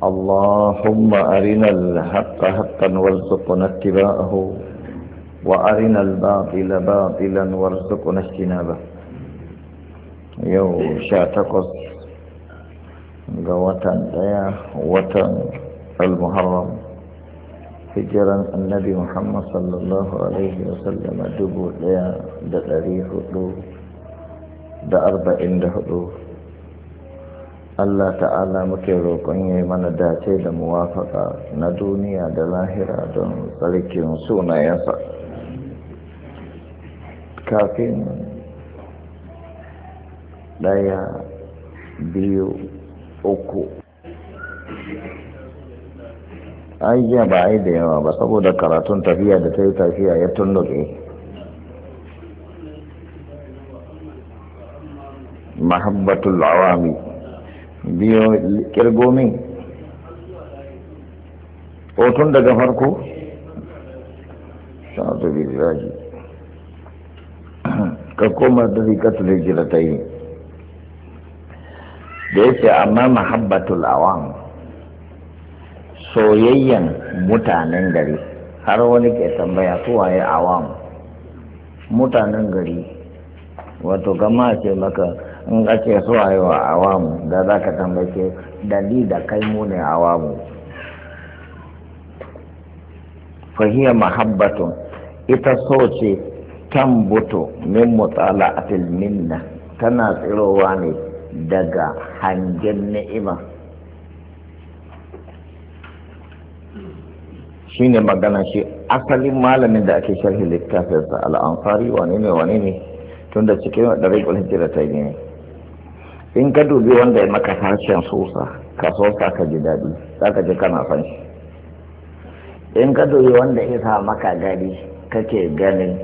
اللهم أرنا الحق حقا وارزقنا اتباعه وأرنا الباطل باطلا وارزقنا اجتنابه يو شاتقص غوتان ديا وطن المحرم فجرا النبي محمد صلى الله عليه وسلم دبو ديا دا تاريخ دو دا أربعين Allah ta'ala muke roƙon yi mana dace da muwafaka na duniya da lahira don tsarkin sunayensa kafin ɗaya biyu uku ayyar ba a yi da yawa ba saboda karatun tafiya da ta yi tafiya ya tunduke mahabbatul awami biyo kirgo min hoton daga farko Ka koma ka koma da jira ta yi. da yake amma mahabbatul awam soyayyen mutanen gari har wani ke tambaya ya awam mutanen gari wato gama ce maka in ake so a yi wa awamu da za ka tambace dali da kai mu ne awamu fahiyar mahabbatun ita so ce buto min mutala minna tana tsirowa ne daga hangen ni'ima shi ne magana shi asalin malamin da ake sharhi littafinsa al'amfari wane ne wane ne tun da cikin da hijira ta gini in ka dubi wanda ya maka harshen sosa ka sosa ka ji daɗi za ka ji kana san shi in ka dubi wanda ya sa maka gari kake ganin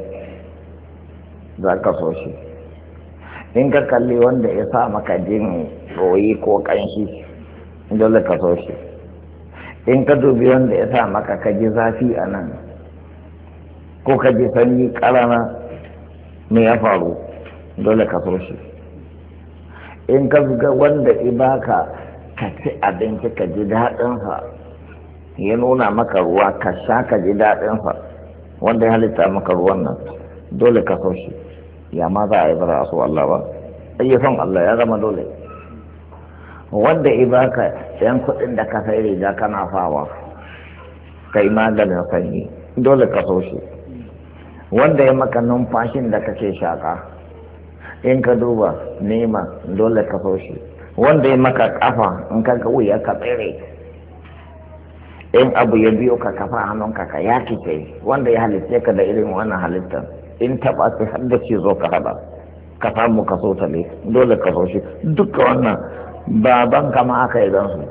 za ka so shi in ka kalli wanda ya sa maka jin royi ko ƙanshi dole ka so shi in ka dubi wanda ya sa maka ka ji zafi a nan ko ka ji sanyi ƙarana me ya faru dole ka so shi in ka ga wanda ibaka ka ci abinci ka ji daɗinsa ya nuna maka ruwa ka sha ka ji daɗinsa wanda ya halitta maka ruwan nan dole ka so shi ya ma za a yi bara a so Allah ba ayyukan Allah ya zama dole wanda ibaka yan kuɗin da ka sai riga kana fawa kai maganin sanyi dole ka so shi wanda ya maka numfashin da kake shaka in ka duba nema dole ka faushe wanda ya maka kafa in ka ga wuya ka tsere in abu ya biyo ka kafa hannunka ka ya kice wanda ya halitta ka da irin wannan halittar in taba su har da ce zo ka haɗa ka samu ka so ta ne dole ka duka wannan baban kama aka yi su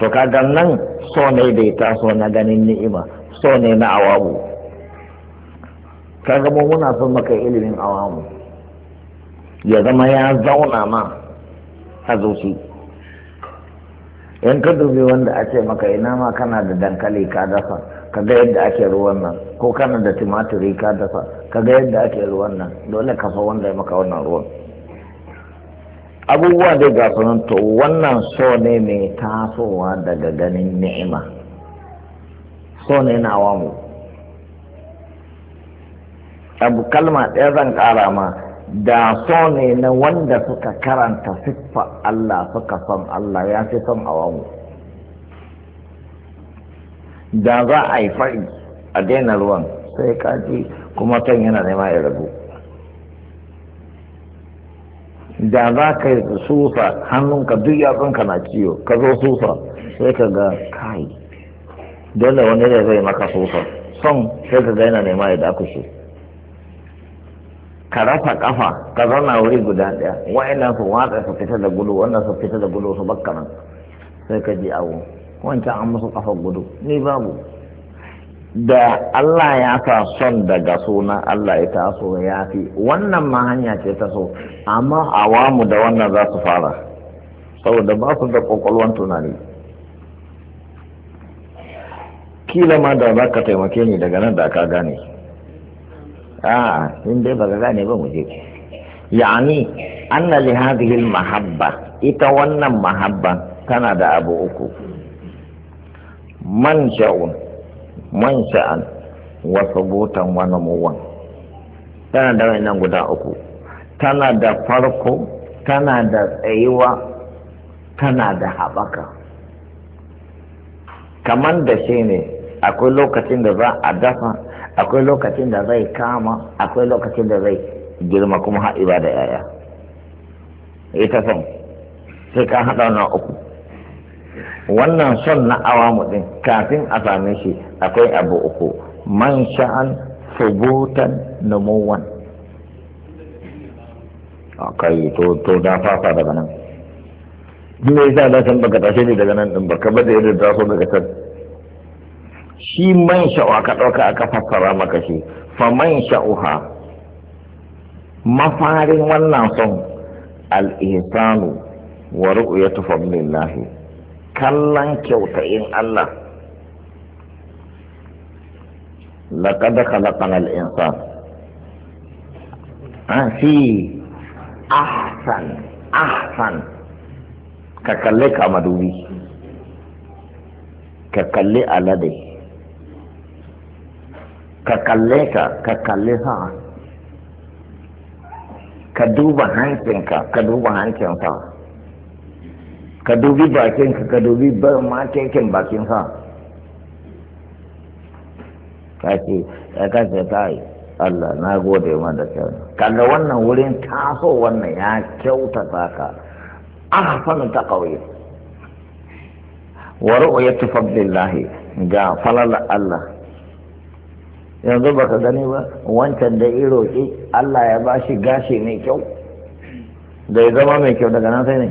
to kaga nan so ne da ya taso na ganin ni'ima so ne na awabu ka gama muna son maka ilimin awamu ya zama ya zauna ma a zuci Yan ka dubi wanda a maka ina ma kana da dankali ka dafa ka ga yadda ake ruwan nan ko kana da tumaturi ka dafa ka ga yadda ake ruwan nan dole ka fa wanda ya maka wannan ruwan abubuwa dai ga sunan to wannan so ne mai tasowa daga ganin ni'ima so ne na awamu abu kalma ɗaya zan ƙara ma da so ne na wanda suka karanta siffa Allah suka son Allah ya fi son awamu da za a yi fari a daina ruwan sai kaji kuma kan yana nema ya rabu, da za ka yi susa hannunka duk yatsunka na ciwo ka zo susa sai ka ga kai dole wani da zai maka susa son sai ka ga yana nema ya dakushe ka rasa kafa ka zauna wuri guda ɗaya wa'annan su watsa su fita da gudu wannan su fita da gudu su bakka nan sai ka ji awo wancan an musu kafa gudu ni babu da Allah ya sa son daga suna Allah ya taso ya fi wannan ma hanya ce ta so amma awamu da wannan za su fara saboda ba su da kwakwalwan tunani kila ma da za ka taimake ni daga nan da ka gane a in dai ba gane ba mu je yani anna li hadhihi al mahabba ita wannan mahabba tana da abu uku mansha'un mansha'an wa thubutan wa tana da wannan guda uku tana da farko tana da tsayuwa tana da haɓaka kamar da shi ne akwai lokacin da za a dafa akwai lokacin da zai kama akwai lokacin da zai girma kuma haɗiba da yaya ita son sai ka haɗa wannan uku wannan son na awamu ɗin kafin a same shi akwai abu uku man sha'an subutan numuwan akai to to da fafa daga nan me yasa da san baka ne daga nan ɗin baka bada yadda da so daga can shi man sha'uwa ka ɗauka aka fassara maka shi fa man sha'uha mafarin wannan son al-ihsanu wa ru'yatu fadlillahi kallon in Allah laqad khalaqana al-insan a fi ahsan ahsan ka kalle kamadubi ka kalli alade ka kalle ka ka kalle ha ka duba hancinka ka duba hancinsa ka dubi bakinka ka dubi makekin bakinka ka ce ya kasa ta yi Allah na gode ma da kyau kaga wannan wurin taso wannan ya ta ka ta taqawi wa ru'yatu fadlillahi ga falala Allah yanzu ba ka gani ba wancan da iro roƙi Allah ya ba shi gashi mai kyau da ya zama mai kyau daga nan sai ne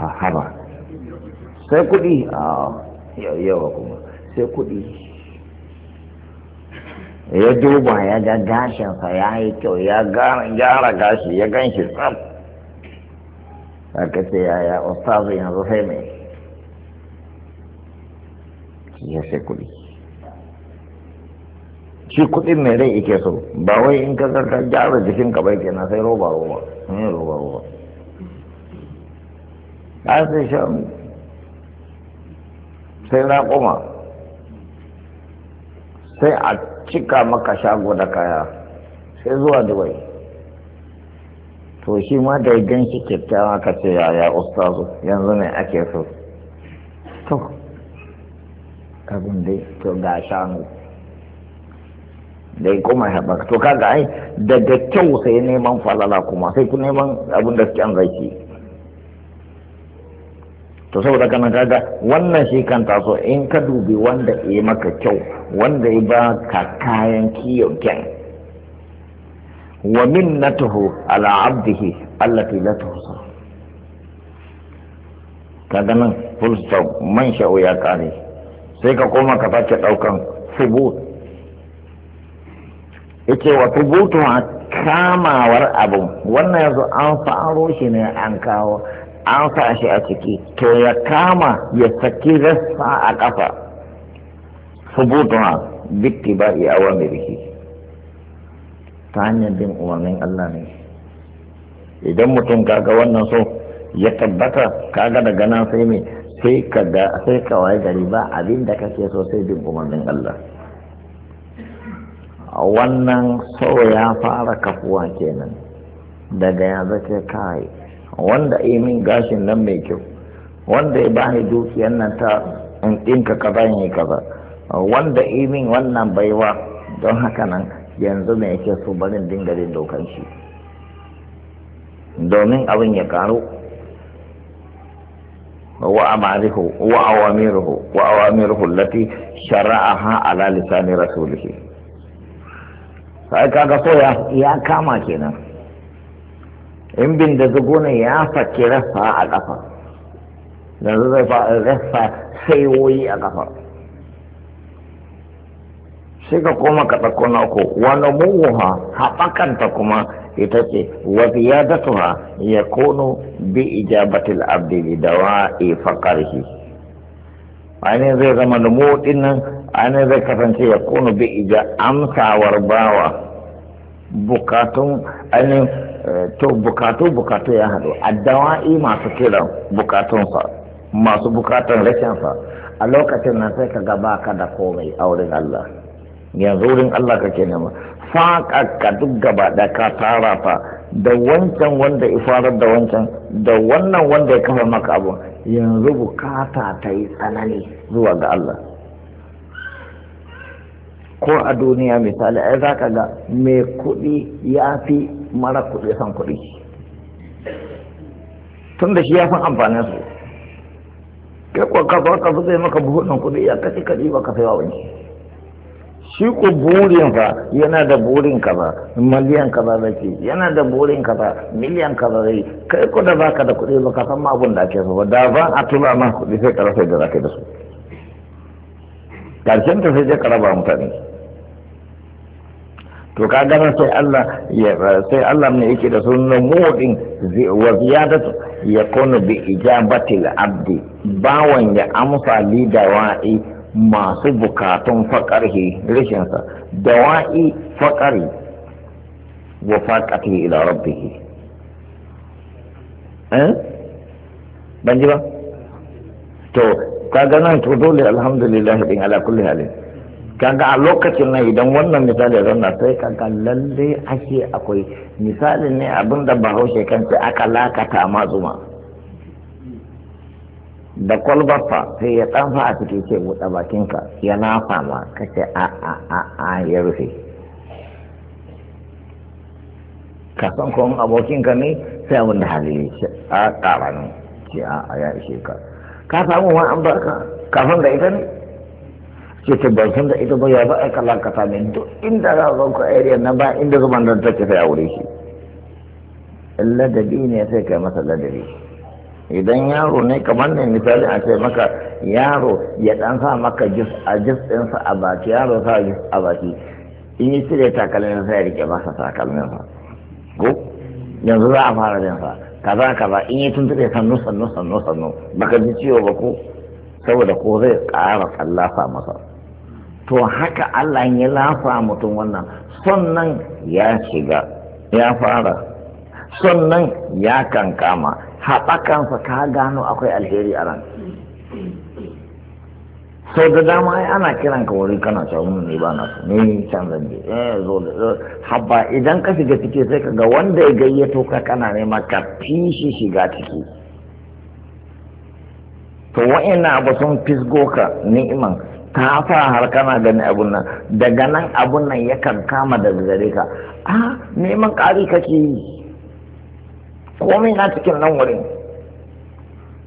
a haba sai kuɗi a yawa kuma sai kuɗi ya duba ya ga gashinsa ya yi kyau ya gyara gashi ya gan shi tsab aka ce yaya ustazu yanzu sai mai ya sai kuɗi shi kuɗin mai rai ike so ba wai in ka zarta gyara jikin ka bai kenan sai roba roba yi roba roba Ya sai shan sai na koma sai a cika maka shago da kaya sai zuwa dubai to shi ma da gan shi kyakkyawa ka ce yaya ustazu yanzu ne ake so to abin dai to ga shanu da ya koma ya baka to kaga ai daga kyau sai neman falala kuma sai ku neman abin da an zaki to saboda kana kaga wannan shi kan taso in ka dubi wanda ya maka kyau wanda ya ba ka kayan kiyon kyan wa minnatuhu ala abdihi allati la tuhsa kaga nan full stop man sha'u ya kare sai ka koma ka ɗaukan daukan subut yake wa tubutun kamawar abu wannan yanzu an faro shi ne an kawo an sa shi a ciki to ya kama ya saki rassa a ƙafa tubutun bitti ba iya awa mai biki ta hanyar bin umarnin Allah ne idan mutum kaga wannan so ya tabbata kaga daga nan sai mai sai ka waye gari ba abinda da kake so sai bin umarnin Allah wannan sau ya fara kafuwa kenan daga ya zace kai wanda yi min gashin nan mai kyau wanda ya bani dukiyar nan ta in ɗinka kaza yi kaza wanda yi min wannan baiwa don haka nan yanzu mai yake so barin dinga dokan shi domin abin ya karu wa amarihu wa awamiruhu wa awamiruhu lati shara'aha ala lisani rasulihi sai kaga so ya kama kenan in bin da zugo ya saki rasa a ƙafa yanzu zai rasa saiwoyi a ƙafa sai ka koma ka ɗauko na uku wani muwuha haɓakanta kuma ita ce wa ziyadatuha ya kono bi ijabatil abdi da wa'i faqarhi ainihin zai zama motsin nan ana zai kasance ya kunu bi ija amsawar bawa bukatun ainihin eh, to bukatu bukatu ya haɗu addawa'i masu kiran bukatunsa masu bukatun rashinsa a lokacin nan sai ka gaba ka da komai a wurin Allah yanzu wurin Allah kake nema faƙa ka duk gaba da ka tara fa da wancan wanda ya farar da wancan da wannan wanda ya kafa maka abu yanzu bukata ta yi tsanani zuwa ga Allah ko a duniya misali ai za ka ga mai kuɗi ya fi mara kuɗi san kuɗi tun da shi ya san amfanin su kai ko ka zo ka zai maka buhunan kuɗi ya kashi kaɗi ba ka sai wani shi ko burin fa yana da burin ka ba miliyan ba zai yana da burin ka ba miliyan ka ba zai kai ko da baka da kuɗi ba ka san abun da ake so ba da ban a tura ma kuɗi sai ka rasa da za ka yi da su karshen ta sai je ka raba mutane to ka gana sai Allah ya sai Allah ne yake da sunan mu'min wa ziyadatu yakunu bi ijabatil abdi bawan ya amsa li dawa'i masu bukatun faƙarhi sa dawa'i faƙari wa faqati ila rabbihi eh? ban ji ba to ka gana to dole alhamdulillah din ala kulli halin kaga a lokacin nan idan wannan misali ya zauna sai kaga lalle ake akwai misali ne abin da bahaushe ce aka lakata ma zuma da kwalbarsa sai ya tsanfa a cikin ce buɗe bakinka ya nafa ma kace a a a a ya rufe ka san ko abokinka ne sai abin da hali a ƙara ce a ya ishe ka ka samu ma an baka kafin da ita ne Eh, ke ta ban san da ita ba ya ba a kalla ka duk inda za a zanku area nan ba inda zuman nan take sai a wuri shi ladabi ne sai kai masa ladabi idan yaro ne kamar ne misali a ce maka yaro ya dan sa maka jus a ah, jus ɗinsa a baki yaro sa jus a baki in yi cire takalmin sai ya rike masa takalmin sa ko yanzu za a fara jin sa kaza kaza in yi tuntube sannu sannu sannu sannu baka ji ciwo ba ko saboda ko zai ƙara tsallafa masa to haka Allah ya lafa mutum wannan sannan ya shiga ya fara sannan ya kankama haɓakansa ka gano akwai alheri a ran sau da dama ai ana kiran ka wuri kana cewa mun hmm, ne ba na so ne can zan je eh zo da habba idan ka shiga ciki sai ka ga wanda ya gayyato ka kana nema ka fi shi shiga ciki to wa'ina ba sun fisgo ka ni'iman ka fa har kana gani abun nan daga nan abun nan ya kan kama da gare ka a neman ƙari kake yi komai na cikin nan wurin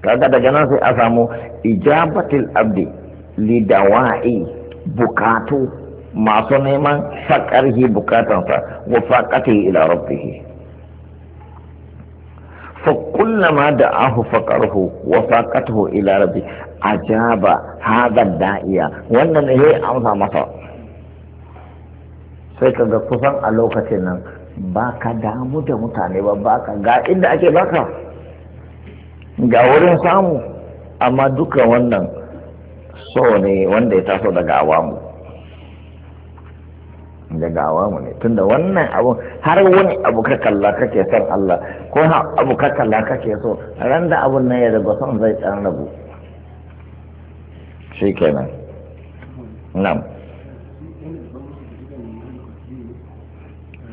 kaga daga nan sai a samu ijabatil abdi dawa'i bukatu masu neman faƙarhi bukatansa wa faƙatai ila rabbihi فكلما دعاه فقره وفاقته إلى ربي أجاب هذا الداعية وأن إليه amsa masa. sai ka ga kusan a lokacin nan ba ka damu da mutane ba ba ka ga inda ake baka ga wurin samu amma duka wannan so ne wanda ya taso daga awamu daga awamu ne tunda wannan abu har wani abu ka kalla kake son Allah ko abu ka kalla kake so ran da abun nan ya daga son zai dan rabu shi kenan nan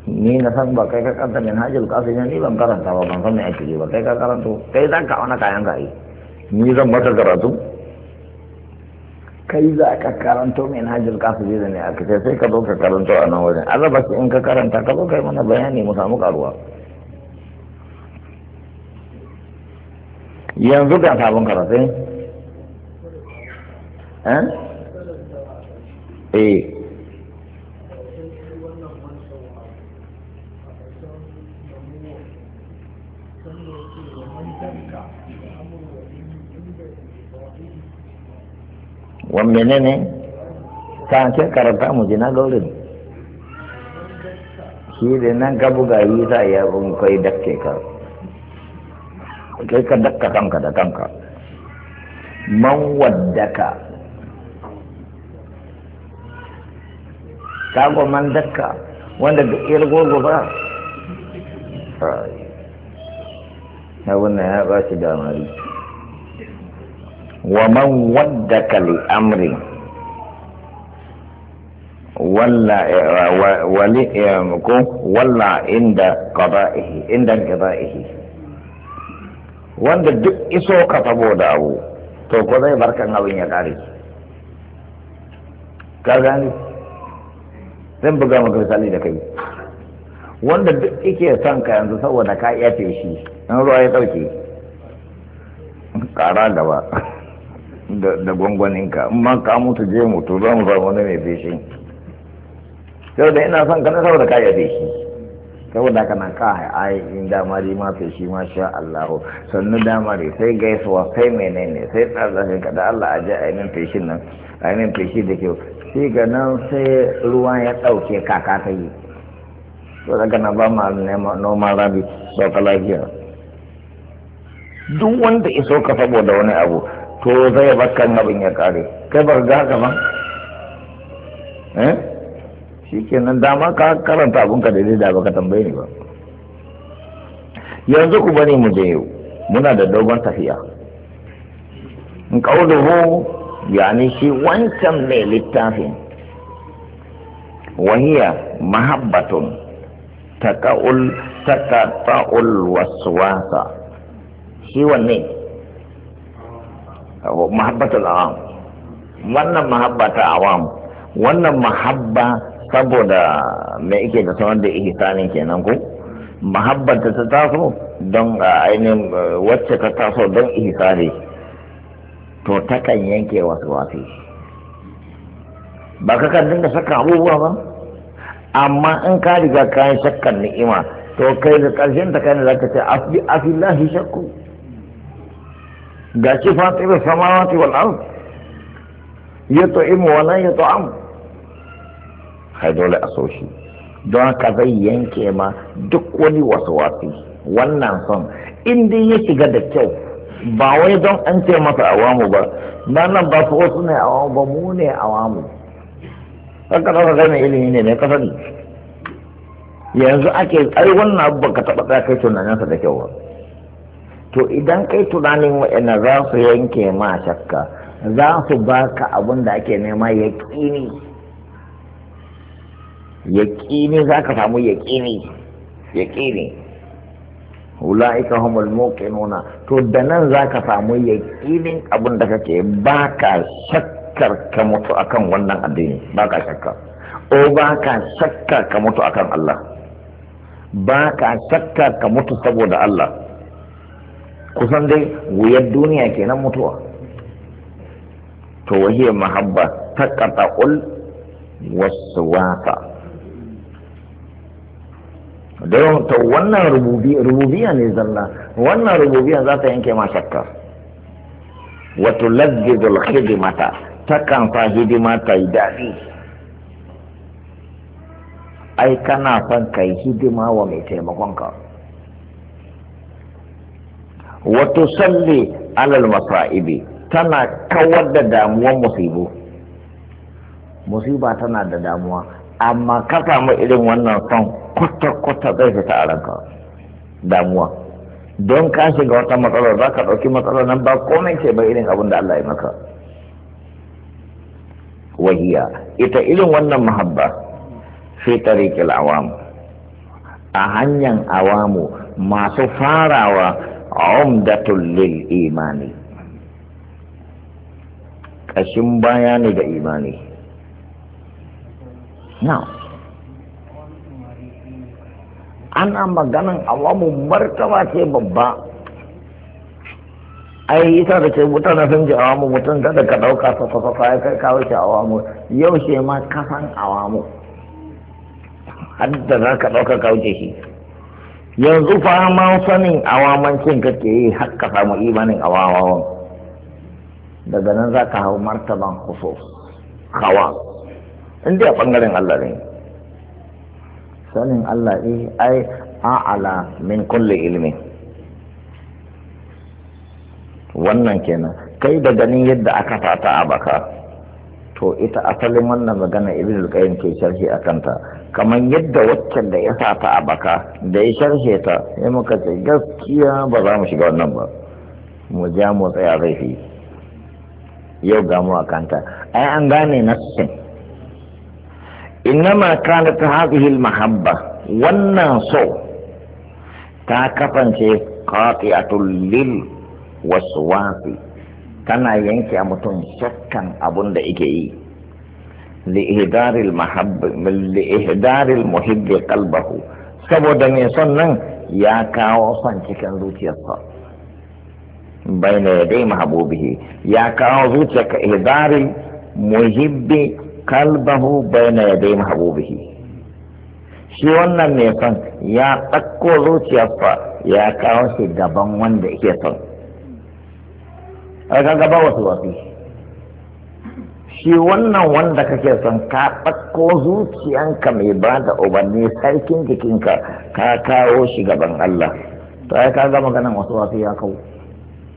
ni na san ba kai ka karanta min hajjul kafi ne ni ban karanta ba ban san me ake ba kai ka karanta kai zan ka wani kayan ka yi ni zan mata karatu kai za ka karanto mai hajjul kafin zai ne a kace sai ka zo ka karanto a nan wajen azaba shi in ka karanta ka zo kai mana bayani mu samu karuwa yanzu ga sabon karatu eh, eh? wa menene ta ce karanta mu ji na gaurin shi da nan ka buga yi za a yi kai dakke ka kai ka dakka kanka da kanka man waddaka kago man dakka wanda da irgogo ba na wannan ya ba shi damari ومن ودك لأمر ولا ولا عند قضائه عند انقضائه wanda duk iso ka saboda abu to ko zai barkan abin ya kare ka gani zan buga maka misali da kai wanda duk ike son ka yanzu saboda ka iya shi in ruwa ya dauke kara gaba da gwangwaninka in ma ka mutu je mutu za mu samu wani mai feshi saboda ina son kana saboda ka ya feshi saboda ka nan ka ai in damari ma feshi ma sha Allahu sannu damari sai gaisuwa sai menene sai tsarzafin ka da Allah a je a yi feshin nan a yi feshi da kyau sai ga nan sai ruwa ya ɗauke kaka ta yi to daga nan ba ma noma rabi sauka lafiya duk wanda iso ka saboda wani abu to zai bakkan nabin ya kare kai ba ga haka ba eh shikenan dama ka karanta abun ka daidai da baka tambaye ni ba yanzu ku bari mu je yau muna da dogon tafiya in ya yani shi wancan ne littafin wahiya mahabbatun taqaul taqaul waswasa shi wanne mahabbatul awam wannan mahabbata awam wannan mahabba saboda mai ike da sanar da ihsanin kenan ko mahabbata ta taso don ainihin wacce ta taso don ihsani to ta kan yanke wasu wasu ba ka kan dinga saka abubuwa ba amma in ka riga kayan shakkan ni'ima to kai da ƙarshen ta kai da za ka ce afi lahi shakku gashi fatirar samawati wal ard ya to imu wala ya to am? kai dole a so shi don haka zai yanke ma duk wani wasu wasi wannan son inda ya shiga da kyau ba wai don an ce masa awamu ba Na nan ba su wasu ne awamu ba mu ne awamu haka za ka gane ilimi ne mai kasani yanzu ake ai wannan abu ba ka taɓa tsaya kai tunaninsa da kyau ba to idan kai tunanin wa'ina za su yanke ma shakka za su baka abin da ake nema yaƙini yaƙini za ka samu yaƙini yaƙini ula'ika humul muqinuna to da nan za ka samu yaƙinin abin da kake ba ka shakkar ka mutu akan wannan addini ba ka shakka o ba ka shakka ka mutu akan Allah ba ka shakka ka mutu saboda Allah kusan dai wuyar duniya kenan mutuwa to wahiyar mahabba ta ul wasu wata don ta wannan rububiya ne zalla wannan rububiya za ta yanke ma shakka wato lazzidul hidimata ta kan fa hidima ta yi daɗi ai kana son ka yi hidima wa mai taimakon ka. Wato Salli alal masa'ibi tana kawar da damuwan musibu musiba tana da damuwa amma ka samu irin wannan son kwata-kwata zai fita a ranka damuwa don ka shiga wata matsalar za ka ɗauki matsalar nan ba komai ce ba irin abin da Allah ya maka wahiya ita irin wannan mahabba fi tariqil awam a hanyar awamu masu farawa umdatul lil imani kashin baya ne da imani na ana maganan awamu martaba ce babba ai ita da ce mutane sun ji awamu mutum da ka ɗauka fafafafa ya kai kawo shi awamu yau shi ma kafan awamu hadda za ka ɗauka kawo shi yanzu fa ma sanin awamancin kake yi har ka samu imanin awawawan daga nan za ka hau martaban kuso hawa in dai a bangaren Allah ne sanin Allah eh ai a'ala min kulli ilmi wannan kenan kai da ganin yadda aka fata a baka to ita asalin wannan magana ibn al-qayyim ke sharhi akan ta kamar yadda waccan da ya sa ta a baka da ya sharhe ta sai muka ce gaskiya ba za mu shiga wannan ba mu ja mu tsaya zai fi yau ga mu a kanta ai an gane nassin innama ta hadhihi almahabba wannan so ta kafance qati'atul lil waswasi tana yanke a mutum shakkan abun da yake yi لإهدار المحب لإهدار المحب saboda mai son nan ya kawo son cikin zuciyarsa bai na ya dai mahabubihi ya kawo zuciya ka ihdarin muhibbi kalbahu bai ya dai mahabubihi shi wannan mai son ya ɗakko zuciyarsa ya kawo shi gaban wanda yake son a ga gaba wasu wasu shi wannan wanda kake son ka ɗauko zuciyanka mai ba da ubanni sarkin jikinka ka kawo shi gaban Allah to ai ka gama ganin wasu wasu ya kawo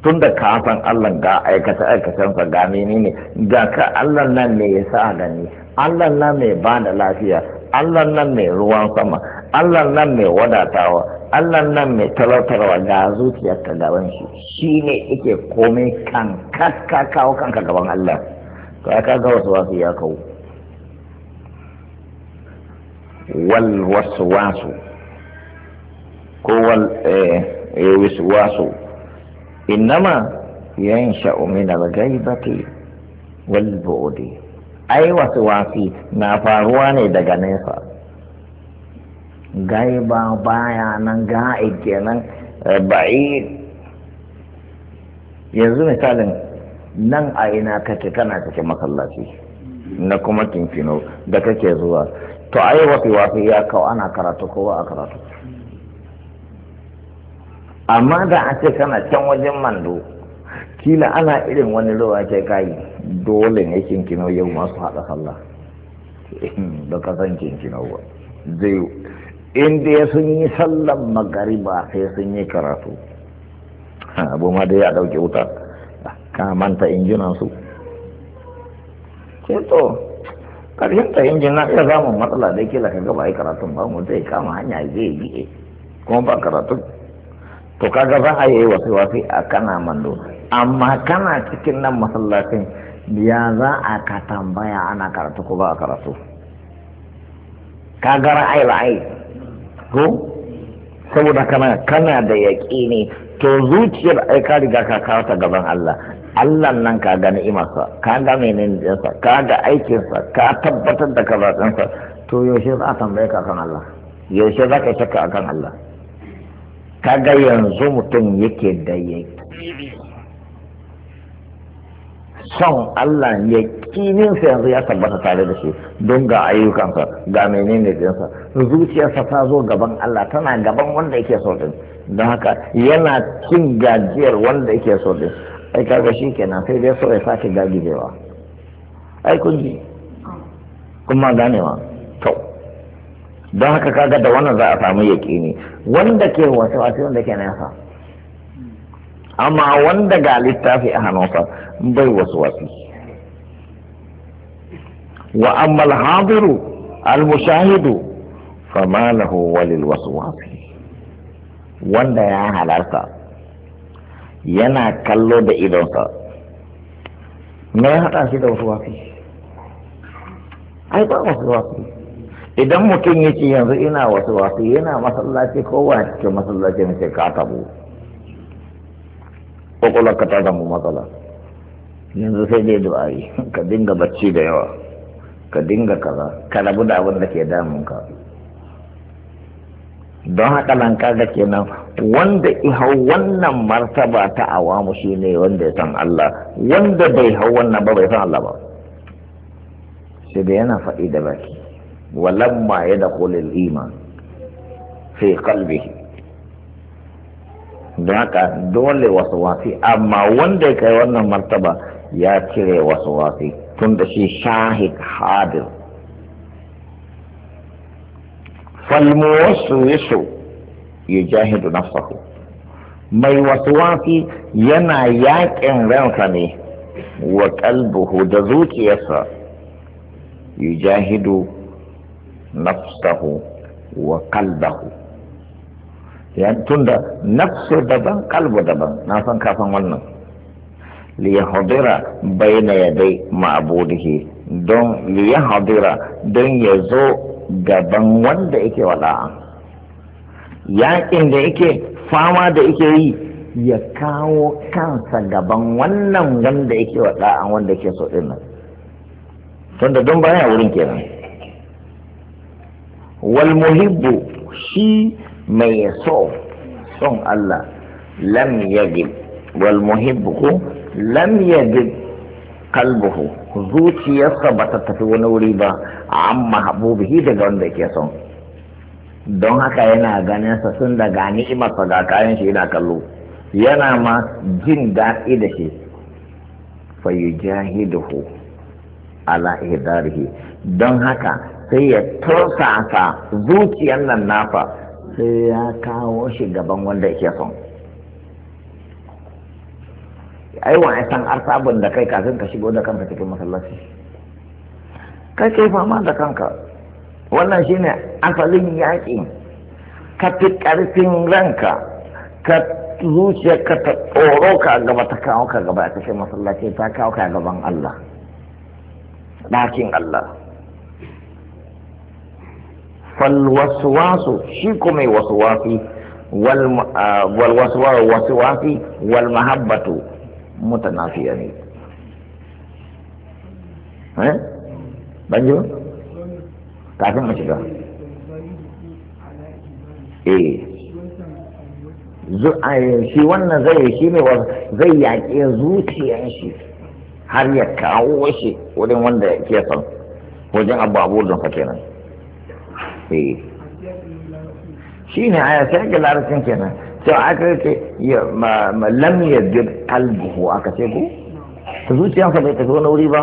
tun da ka san Allah ga aikata aikatansa ga menene ga ka Allah nan ne ya sa gani Allah nan mai ba da lafiya Allah nan mai ruwan sama Allah nan mai wadatawa Allah nan mai talautarwa ga zuciyarka gaban shi shi ne yake komai kan ka kawo kanka gaban Allah to ka ga wasu wasu ya kawo wal wasu wasu ko wal eh, eh, wasu wasu innama yayin sha'umi na gaibati wal bu'udi ai wasu wasu na faruwa ne daga nesa gaiba baya nan ga'i kenan eh, ba'i yanzu misalin nan a ina kake kana kake masallaci na kuma kinkino da kake zuwa to ai wafi wafi ya kawo ana karatu kowa a karatu amma da a ce kana can wajen mando kila ana irin wani ruwa ke kayi dole ne kinkino yau masu haɗa sallah da kasan kinkino ba zai inda sun yi sallan magariba sai sun yi karatu abu ma dai ya ɗauke wuta ka manta su? ce to karshen ta injin na iya matsala da kila ka gaba yi karatun ba mu zai kama hanya zai biye kuma ba karatun to kaga za a yi wasu wasu a kana mando amma kana cikin nan masallacin ya za a ka tambaya ana karatu ko ba a karatu ka gara ai ra'ayi ko saboda kana kana da yaƙini to zuciyar ai ka riga ka kawo ta gaban Allah Allah nan ka ga ni'imarsa ka ga menene ka ga aikinsa ka tabbatar da kazaɗinsa to yaushe za a tambaye ka kan Allah yaushe za ka shakka akan Allah ka ga yanzu mutum yake da yaƙini son Allah yaƙinin sa yanzu ya tabbata tare da shi don ga ayyukansa ga menene dinsa zuciyarsa ta zo gaban Allah tana gaban wanda yake so din don haka yana cin gajiyar wanda yake so din ai kaga shi kenan sai dai so ya sake gagizewa ai kun ji kuma ganewa to don haka kaga da wannan za a samu yaƙini wanda ke wasu wasu wanda ke nasa amma wanda ga littafi a hannunsa bai wasu wasu wa amma al-hadiru al-mushahidu fama lahu walil wasu wasu wanda ya halarta yana kallo da idonsa me ya haɗa shi da wasu wafi ai ba wasu wafi idan mutum ya ce yanzu ina wasu wafi yana masallaci ko wa cikin masallaci na ce ka tabu ka ta zama matsala yanzu sai dai du'ayi ka dinga bacci da yawa ka dinga kaza ka rabu da abin da ke damunka don haka nan kaga kenan wanda ihau wannan martaba ta awamu shi ne wanda ya san Allah wanda bai hau wannan ba bai san Allah ba sai da yana faɗi da baki walamma ya da kulil iman fi kalbi don haka dole wasu wasi amma wanda ya kai wannan martaba ya cire wasu wasi tun da shi shahid hadir falmuwaswisu ya jahidu nafsahu mai wasuwafi yana yaƙin ransa ne wa kalbuhu da zuciyarsa ya jahidu nafsahu wa kalbahu yan tunda nafsu daban kalbu daban na san kafin wannan liyahudira na yadai ma'abudihi don liyahudira don ya zo gaban wanda yake wada'a yakin da yake fama da yake yi ya kawo kansa gaban wannan wanda yake wada'a wanda yake so din nan tunda don baya wurin kenan wal muhibbu shi mai so son Allah lam yajib wal muhibbu lam yajib kalbuhu zuciyarsa ba ta tafi wani wuri ba an mahabubihi daga wanda yake son don haka yana ganin sa sun daga ni'imarsa ga kayan shi yana kallo yana ma jin daɗi da shi fayujahiduhu ala ihdarihi don haka sai ya tursa zuciyar nan nafa sai ya kawo shi gaban wanda yake son ai wa san artabun da kai kafin ka shigo da kanka cikin masallaci kai kai fama da kanka wannan shine asalin yaƙi ka fi ƙarfin ranka ka ka ta tsoro ka gaba ta kawo ka gaba ta cikin masallaci ta kawo ka gaban Allah ɗakin Allah falwaswasu shi kuma waswasi wal ah, waswasu waswasi wal mahabbatu mutanafiya ne ban ji ba kafin mu shiga eh shi wannan zai shi ne zai yaƙe zuciyan shi har ya kawo shi wurin wanda ya ke son wajen abu abu don fa kenan shi ne a yasa sai ke larasin kenan to aka ce lam yajid qalbuhu aka ce ku to zuciyarsa bai tafi wani wuri ba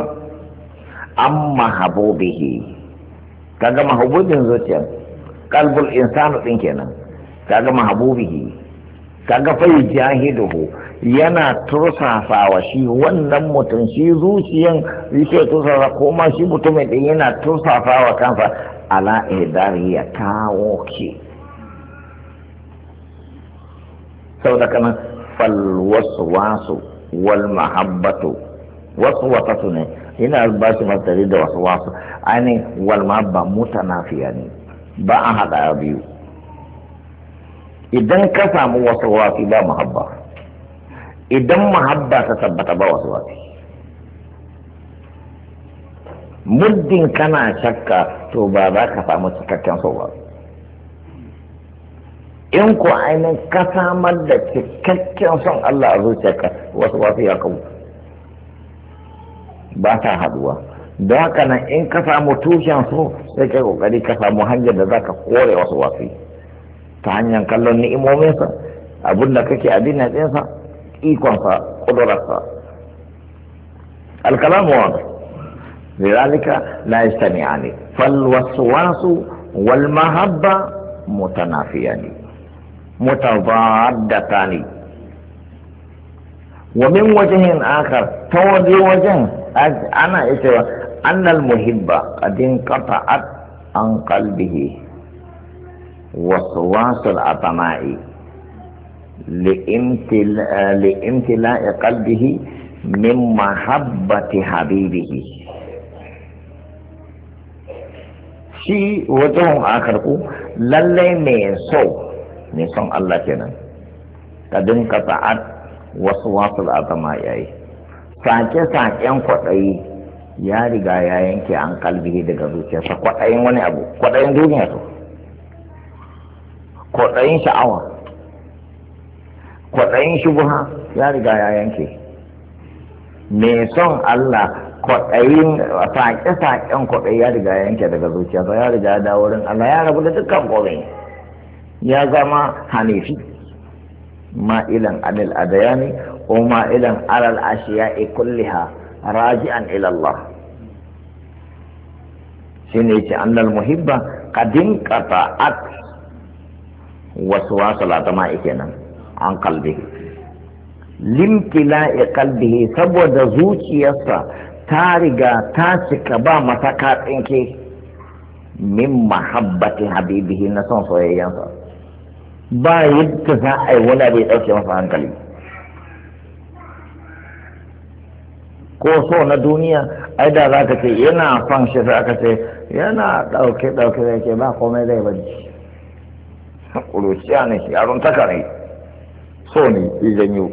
amma habubihi kaga mahabubin zuciya kalbul insanu din kenan kaga mahabubihi kaga fa jahiduhu yana tursasawa shi wannan mutum shi zuciyan yake tursasa ko ma shi mutumin din yana tursasawa kansa ala idariya kawo ke sau da kanan falwaswasu wal mahabbatu wasu watatu ne ina ba shi martari da wasu wasu ainihin wal mahabba mutanafiya ne ba a haɗa biyu idan ka samu wasu wasu ba mahabba idan mahabba ta tabbata ba wasu wasu muddin kana shakka to ba za ka samu cikakken so ba in ku ainihin ka samar da cikakken son Allah a zuciyarka wasu wasu ya kawo ba ta haduwa da haka nan in ka samu tushen so sai kai kokari ka samu hanyar da zaka kore wasu wasu ta hanyar kallon ni'imominsa abin da kake adina ɗinsa ikonsa ƙudurarsa alkalamu wa ziralika la yastami'ani fal wasu-wasu wal mutanafiya ne mutabaddatan wa min wajhin akar ta waje wajen ana ita annal muhibba qadin qata'at an qalbihi waswas al-atama'i li'imtila'i qalbihi min mahabbati habibihi shi wajen akarku lallai mai so ne son Allah kenan ka dinka sa'ad wasu wasu azama yayi sake-saken kwaɗayi ya riga ya yanke an kalbi daga zuciyarsa kwaɗayin wani abu kwaɗayin duniya su kwaɗayin sha'awa kwaɗayin shubuha ya riga ya yanke me son Allah kwaɗayin sake-saken kwaɗayi ya riga ya yanke daga zuciyarsa ya riga ya dawo wurin Allah ya rabu da dukkan komai ya zama hanifi ma'ilan anil adayani ko ma'ilan alal e kulliha raji'an ila Allah shine yace annal muhibba qadin qata'at waswasa la tama'i kenan an qalbihi e kalbihi saboda zuciyarsa ta riga ta cika ba mata katsinke min mahabbati habibihi na son soyayyansa ba yadda za a yi wani bai ɗauke masa hankali ko so na duniya ai da za ka ce yana son shi za ka ce yana ɗauke ɗauke da yake ba komai zai bari ƙuruciya ne yaron taka ne so ne ya janyo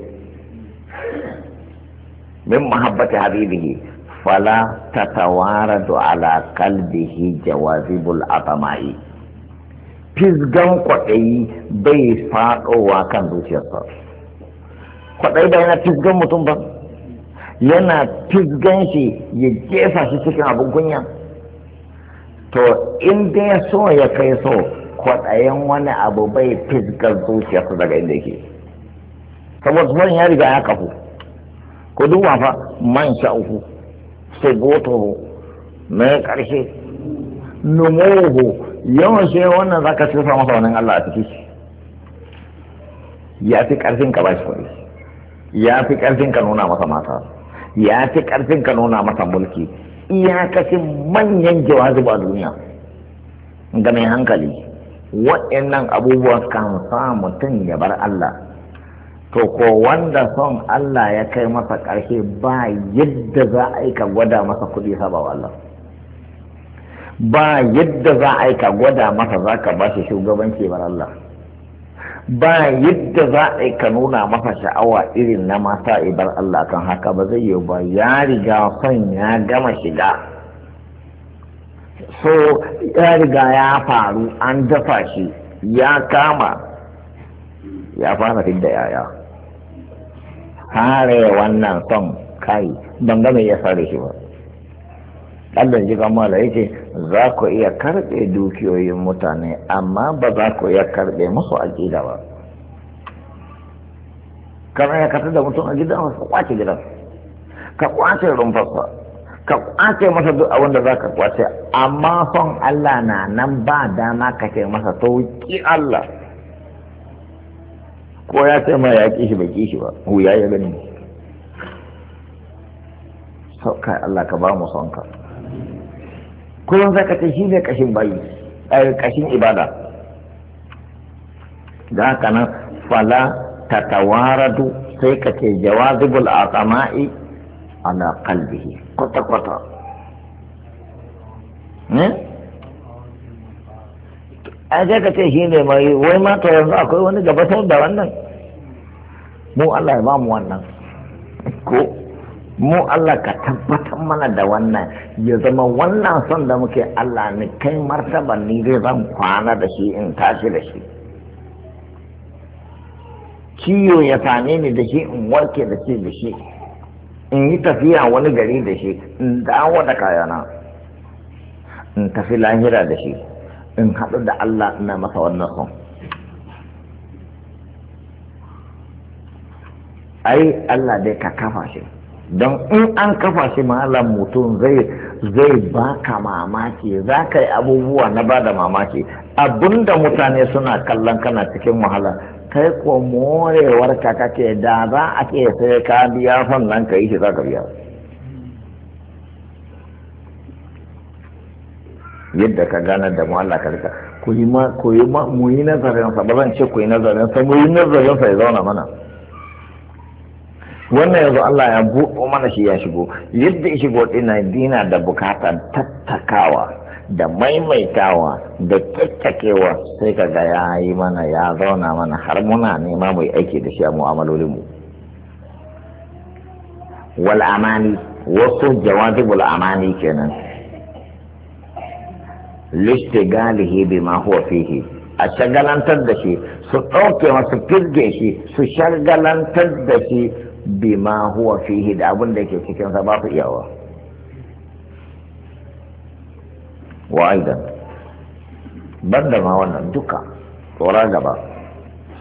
min mahabbati habibihi fala tatawara ala qalbihi jawazibul atama'i fisgan kwaɗayi bai faɗowa kan zuciyarsa kwaɗayi ba yana fisgan mutum ba yana fisgan shi ya jefa shi cikin abin kunya to in dai so ya kai so kwaɗayin wani abu bai fisgan zuciyarsa daga inda yake saboda wani ya riga ya kafu ko duk wafa man uku sai goto mai ƙarshe numuhu yawan shi wannan zaka sifa masa wannan Allah a ciki ya fi karfin ka bashi kuɗi ya fi karfin ka nuna masa mata ya fi karfin ka nuna masa mulki iyakacin manyan jawazi ba duniya ga mai hankali waɗannan abubuwa kan sa mutum ya bar Allah to ko wanda son Allah ya kai masa ƙarshe ba yadda za a yi ka gwada masa kuɗi sabawa Allah ba yadda za a yi ka gwada masa za ka ba shi shugabanci bar Allah ba yadda za a yi ka nuna masa sha'awa irin na mata ibar Allah kan haka ba zai yi ba ya riga son ya gama shiga so ya riga ya faru an dafa shi ya kama ya fara fidda yaya fare wannan son kai ban ga ya sare shi ba Allah ji kamala ya ce za ku iya karɓe dukiyoyin mutane amma ba za ku iya karɓe musu gida ba kana ya kasar da mutum a ba ka kwace gidan ka kwace rumfarsa ka kwace masa duk abin da za ka kwace amma son Allah na nan ba dama ka ce masa to ki Allah ko ya ce ma ya ƙi shi bai ƙi shi ba wuya ya gani sauka Allah ka ba mu son ka kullum zaka ce shi ne kashin bayi kashin eh, ibada da haka nan fala tatawaradu sai ka ce jawazibul aqama'i ala qalbihi kwata kwata hmm? ne a sai ka ce shi ne mai wai ma to yanzu akwai wani gaba da wannan mu Allah ya ba mu wannan ko mu Allah ka tabbatar mana da wannan ya zama wannan son da muke Allah ni kai martaban ni zai zan kwana da shi in tashi da shi kiyo ya same ni da shi in warke da shi da shi in yi tafiya wani gari da shi in dawo da kayana in tafi lahira da shi in haɗu da Allah ina masa wannan son ai Allah dai ka kafa shi don in an kafa shi malam mutum zai zai baka mamaki za ka yi abubuwa na ba da mamaki abinda mutane suna kallon kana cikin wahala kai ko morewar ka kake da za a ke sai ka biya sannan ka yi shi za ka biya yadda ka gane da mu ka rika ku yi ma mu yi nazarin sa ba zan ce ku yi nazarin sa mu yi nazarin sa ya zauna mana wannan yanzu Allah ya buɗo mana shi ya shigo yadda shigo ɗina dina da bukatar tattakawa da maimaitawa da tattakewa sai ka ga ya yi mana ya zauna mana har muna nema mai aiki da shi a mu wal amani wasu jawazibul amani kenan bi ma huwa fihi a shagalantar da shi su ɗauke masu firge shi su shagalantar da shi bima huwa fihi da abin da ke cikinsa ba su iyawa wa aidan banda ma wannan duka tsoron gaba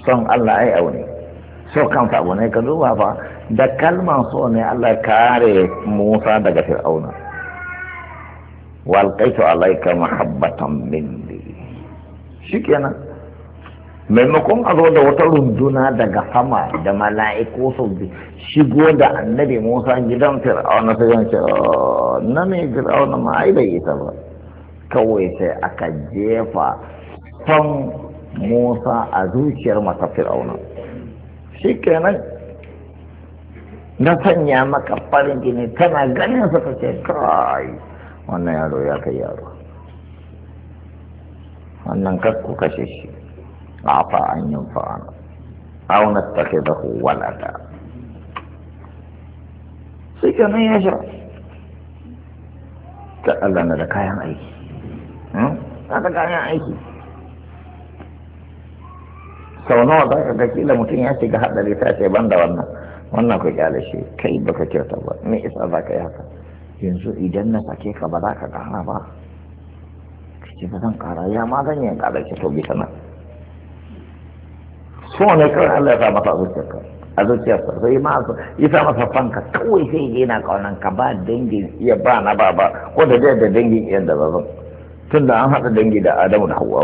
son Allah ai aune so kan abu ne ka duba fa da kalman so ne Allah kare Musa daga Fir'auna walqaitu alaika mahabbatan shi kenan. maimakon a zo da wata runduna daga sama da mala'iku su shigo da annabi musa gidan fir'auna sai zan ce oh, na mai fir'auna ma ai bai isa ba kawai sai aka jefa son musa a zuciyar masa fir'auna shi kenan na sanya maka farin jini tana ganin ta ce kai wannan yaro ya kai yaro wannan kakku kashe shi afa an yanfa'ana aw nattakhidahu walada sai kenan ya sha ta Allah na da kayan aiki hmm? na da kayan aiki sau nawa za ka ga da mutum ya shiga haɗari ta ce ban da wannan wannan ku kyale shi kai baka kyauta ba me isa za ka yi haka yanzu idan na sake ka ba za ka kara ba ka ce ba zan kara ya ma zan yi kara ce to bi nan so ne kawai Allah ya sa masa zuciyarka a zuciyarsa sai ma ya sa masa fanka kawai sai yi na kaunan ka ba dangin iya ba na ba ba ko da da dangin iya da ba tun da an haɗa dangi da Adamu da Hawwa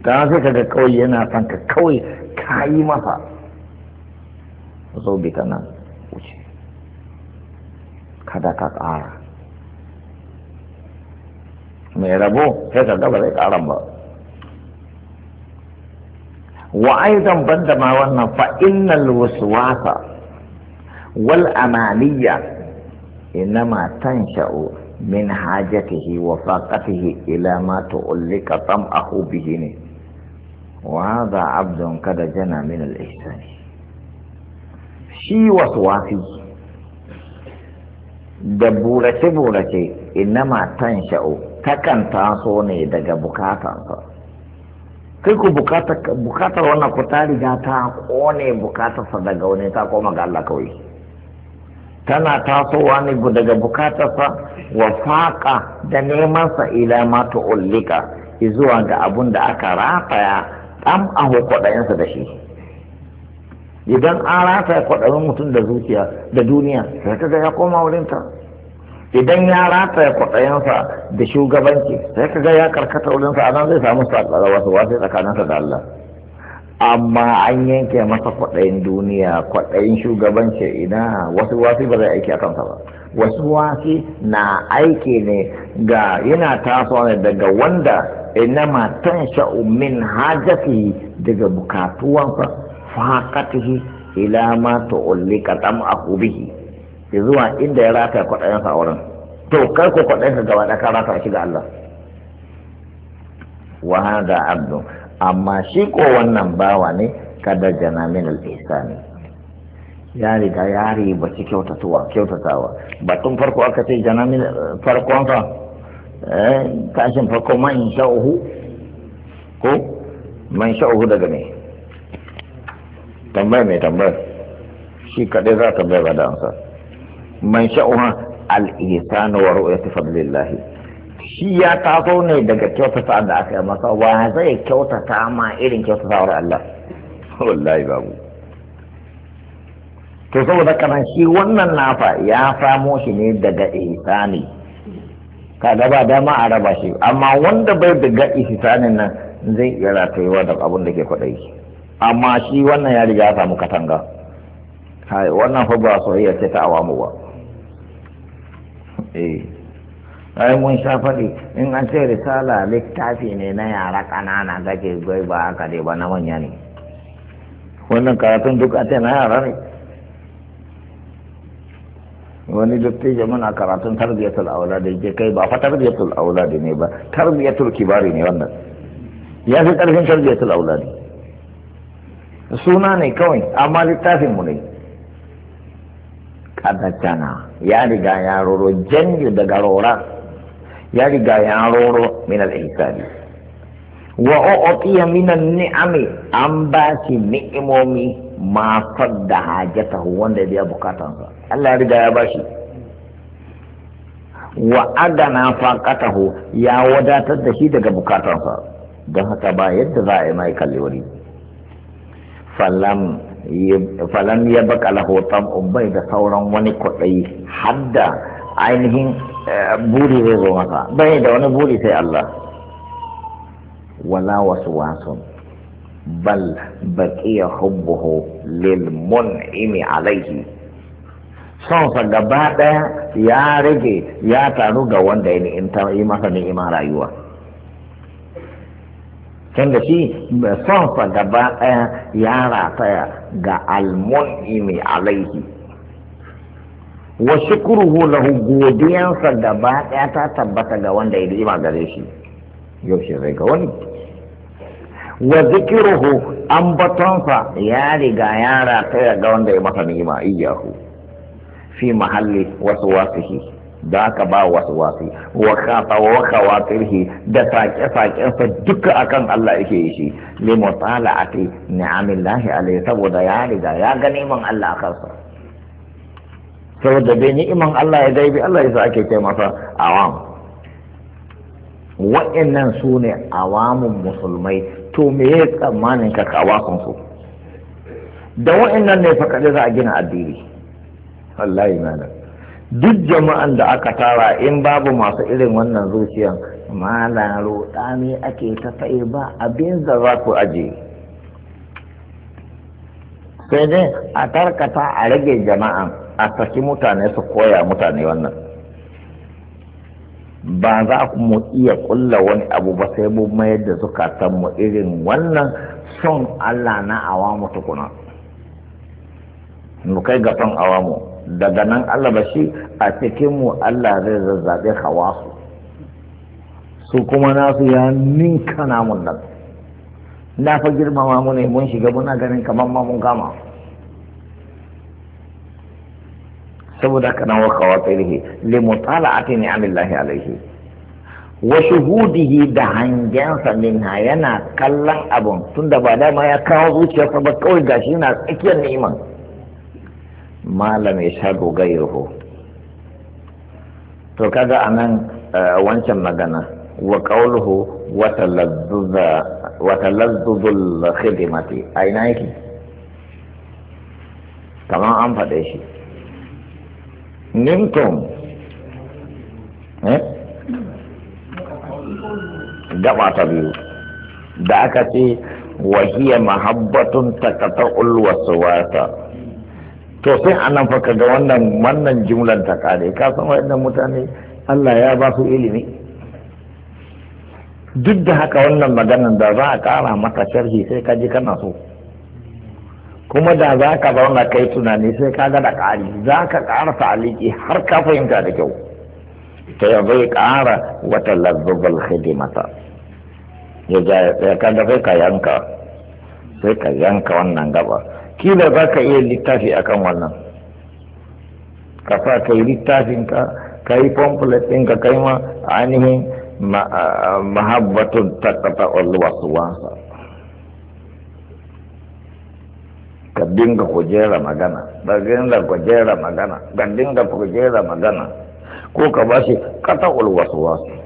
dan sai kaga kawai yana fanka kawai ka yi masa zo bi kana wuce kada ka ƙara mai rabo sai ka gaba zai ƙaran ba wa aidan banda ma wannan fa innal waswasa wal amaliya innama tansha'u min hajatihi wa faqatihi ila ma tu'allika tam'ahu bihi ne wa hadha abdun kada jana min al ihsan shi waswasi da burace burace innama tansha'u takan taso ne daga bukatansa kai ku bukatar wannan ku ta riga ta kone bukatarsa daga wani ta koma ga Allah kawai tana tasowa ne daga bukatarsa wa faƙa da nemansa ila ma Olika. zuwa ga abun da aka rataya am aho kwaɗayensa da shi idan an rataya kwaɗayin mutum da zuciya da duniya sai kaga ya koma wurinta idan ya rataya kwaɗayensa da shugabanci sai ka ga ya karkata wurinsa a nan zai samu sakara wasu wasu tsakaninsa da Allah amma an yanke masa kwaɗayin duniya kwaɗayin shugabanci ina wasu wasu ba zai aiki a kansa ba wasu wasu na aiki ne ga yana taso ne daga wanda inama tan sha'u min hajati daga bukatuwansa fakatihi ila ma tu'allika tam'ahu bihi ya zuwa inda ya rata kwaɗayensa a wurin to kar ku kwaɗayensa gaba da ka rata shi ga Allah wa hada abdu amma shi ko wannan bawa ne kada jana min al-ihsani ya riga ya riba ci kyautatawa kyautatawa batun farko aka ce jana min eh, farkon fa kashin eh, farko man sha'uhu ko man sha'uhu daga ne tambaya mai tambaya shi kaɗai za ta bai ba da amsa sha'uha al-ihsanu wa ru'yat fadlillah shi ya taso ne daga kyautata da aka yi masa wa zai kyautata ma irin kyautata wa Allah wallahi babu to saboda kana shi wannan nafa ya samo shi ne daga ihsani kaga ba dama a raba shi amma wanda bai daga ihsanin nan zai iya ratayewa da abin da ke kwaɗayi amma shi wannan ya riga ya samu katanga wannan fa ba soyayya ce ta awamu ba eh ai mun sha faɗi in an ce risala littafi ne na yara ƙanana kake gai ba haka dai ba na manya ne wannan karatun duk an na yara ne wani dattijo muna karatun tarbiyatul aulad je kai ba fa tarbiyatul aulad ne ba tarbiyatul kibari ne wannan ya fi karfin tarbiyatul aulad suna ne kawai amma littafin mu ne adakana ya riga ya roro janyu daga rora, ya riga ya roro min al-ihsani wa u'tiya min an-ni'ami an ba shi ni'imomi ma fadda hajatahu wanda ya biya Allah ya riga ya bashi wa adana faqatahu ya wadatar da shi daga bukatansa don haka ba yadda za a yi mai kalli wani falam falan ya baka lahotan bai da sauran wani kwaɗayi hadda ainihin eh, buri zai zo maka bai da wani buri sai Allah wala wasu wasun bal ya hubbuhu lil mun'imi alaihi sonsa gaba ɗaya ya rage ya taru ga wanda ya ni'imta yi masa ni'ima rayuwa can da shi sonsa gaba ɗaya ya rataya ga almun'imi alaihi wa shukuruhu lahu godiyansa gaba ɗaya ta tabbata ga wanda ya rima gare shi yau shi zai ga wani wa zikiruhu ambatonsa ya riga ya rataya ga wanda ya masa ni'ima iyahu fi mahalli wasu wasu shi. da aka ba wasu wasu wa kafa wa kawatirhi da sake-sakensa duka akan Allah yake yi shi ne mutala ati ni'amillahi alayhi saboda ya riga ya ga neman Allah a kansa saboda bai ni'iman Allah ya gaibi Allah ya ake ce masa awam wa'annan su ne awamun musulmai to me ya tsammanin ka kawasan su da wa'annan ne fa za a gina addini wallahi malam duk jama'an da aka tara in babu masu irin wannan zuciyan mana roɗa ake ta fa'i ba abin da za ku aje sai dai a tarkata a rage jama'an a saki mutane su koya mutane wannan ba za mu iya kulla wani abu ba sai mu mayar da zukatanmu irin wannan son allah na awamu tukuna mu kai ga son awamu daga nan Allah ba shi a cikinmu Allah zai zazzabe hawasu su kuma nasu ya ninka namun nan na fa girmama mu ne mun shiga muna ganin kamar ma mun kama saboda haka nan waka wa tsirihi limutala ati amin lahi alaihi wa shuhudihi da hangensa minha yana kallon abun tunda ba dama ya kawo zuciyarsa ba kawai gashi na tsakiyar ni'iman malam ya shago gairuhu to kaga anan eh, wancan magana wa qawluhu wa talazzuzul khidmati a ina yake kamar an faɗe shi nimtum eh? gaba ta biyu da aka ce wahiyar mahabbatun takatar ulwasa wata to sai nan fa ga wannan wannan jumlan ta kare ka san waɗannan mutane Allah ya ba su ilimi duk da haka wannan maganan da za a kara maka sharhi sai ka ji kana so kuma da za ka zauna kai tunani sai ka ga da kari za ka ƙara ta'aliki har ka fahimta da kyau ta ya ya kara wata lazzubal khidimata ya ja ya ka sai ka yanka sai ka yanka wannan gaba kila za ka iya littafi akan wannan ka sa ka yi littafin ka yi pamphlet ka kai ma ainihin mahabbatun takata su wasa ka dinga kujera magana ba dinga kujera magana ka dinga kujera magana ko ka bashi kata su wasa.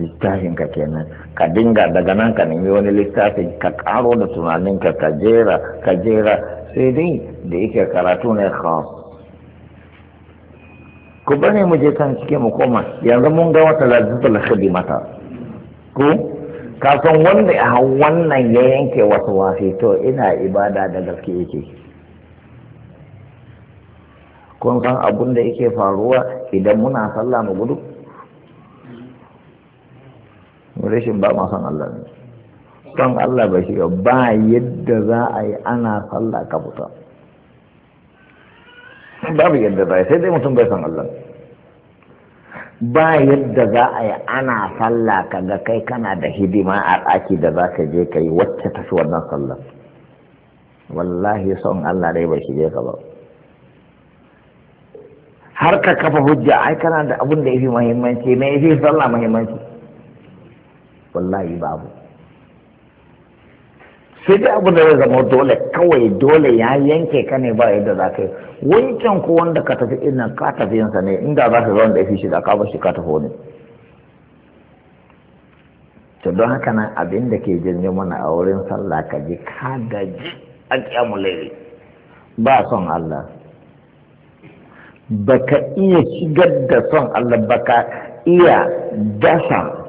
littafin ka kenan ka dinga daga nan ka nemi wani littafin ka karo da tunaninka ka jera ka jera sai dai da yake karatu ne ka ku bane mu je kan cike mu koma yanzu mun ga wata lazzatul khidmata Ku ka san wanda ya hau wannan ya yanke wasu wasi to ina ibada da gaske yake kun san abun da yake faruwa idan muna sallah mu gudu rashin ba ma son Allah ne son Allah bai shiga ba yadda za a yi ana sallah ka fita babu yadda za a yi sai dai mutum bai son Allah ba yadda za a yi ana sallah ka ga kai kana da hidima a ɗaki da za ka je ka yi wacce ta fi wannan sallah wallahi son Allah dai bai shige ka ba har ka kafa hujja ai kana da abin da yafi muhimmanci me yafi sallah muhimmanci wallahi babu sai dai abu da ya zama dole kawai dole ya yanke ka ne ba yadda za ka yi wancan ko wanda ka tafi ina ka tafi yinsa ne inda za ka zauna da ya fi shi ka bashi ka tafi ne to don haka nan abin da ke janyo mana a wurin sallah ka ji ka gaji a kiyamu laifi ba son Allah baka iya shigar da son Allah baka iya dasa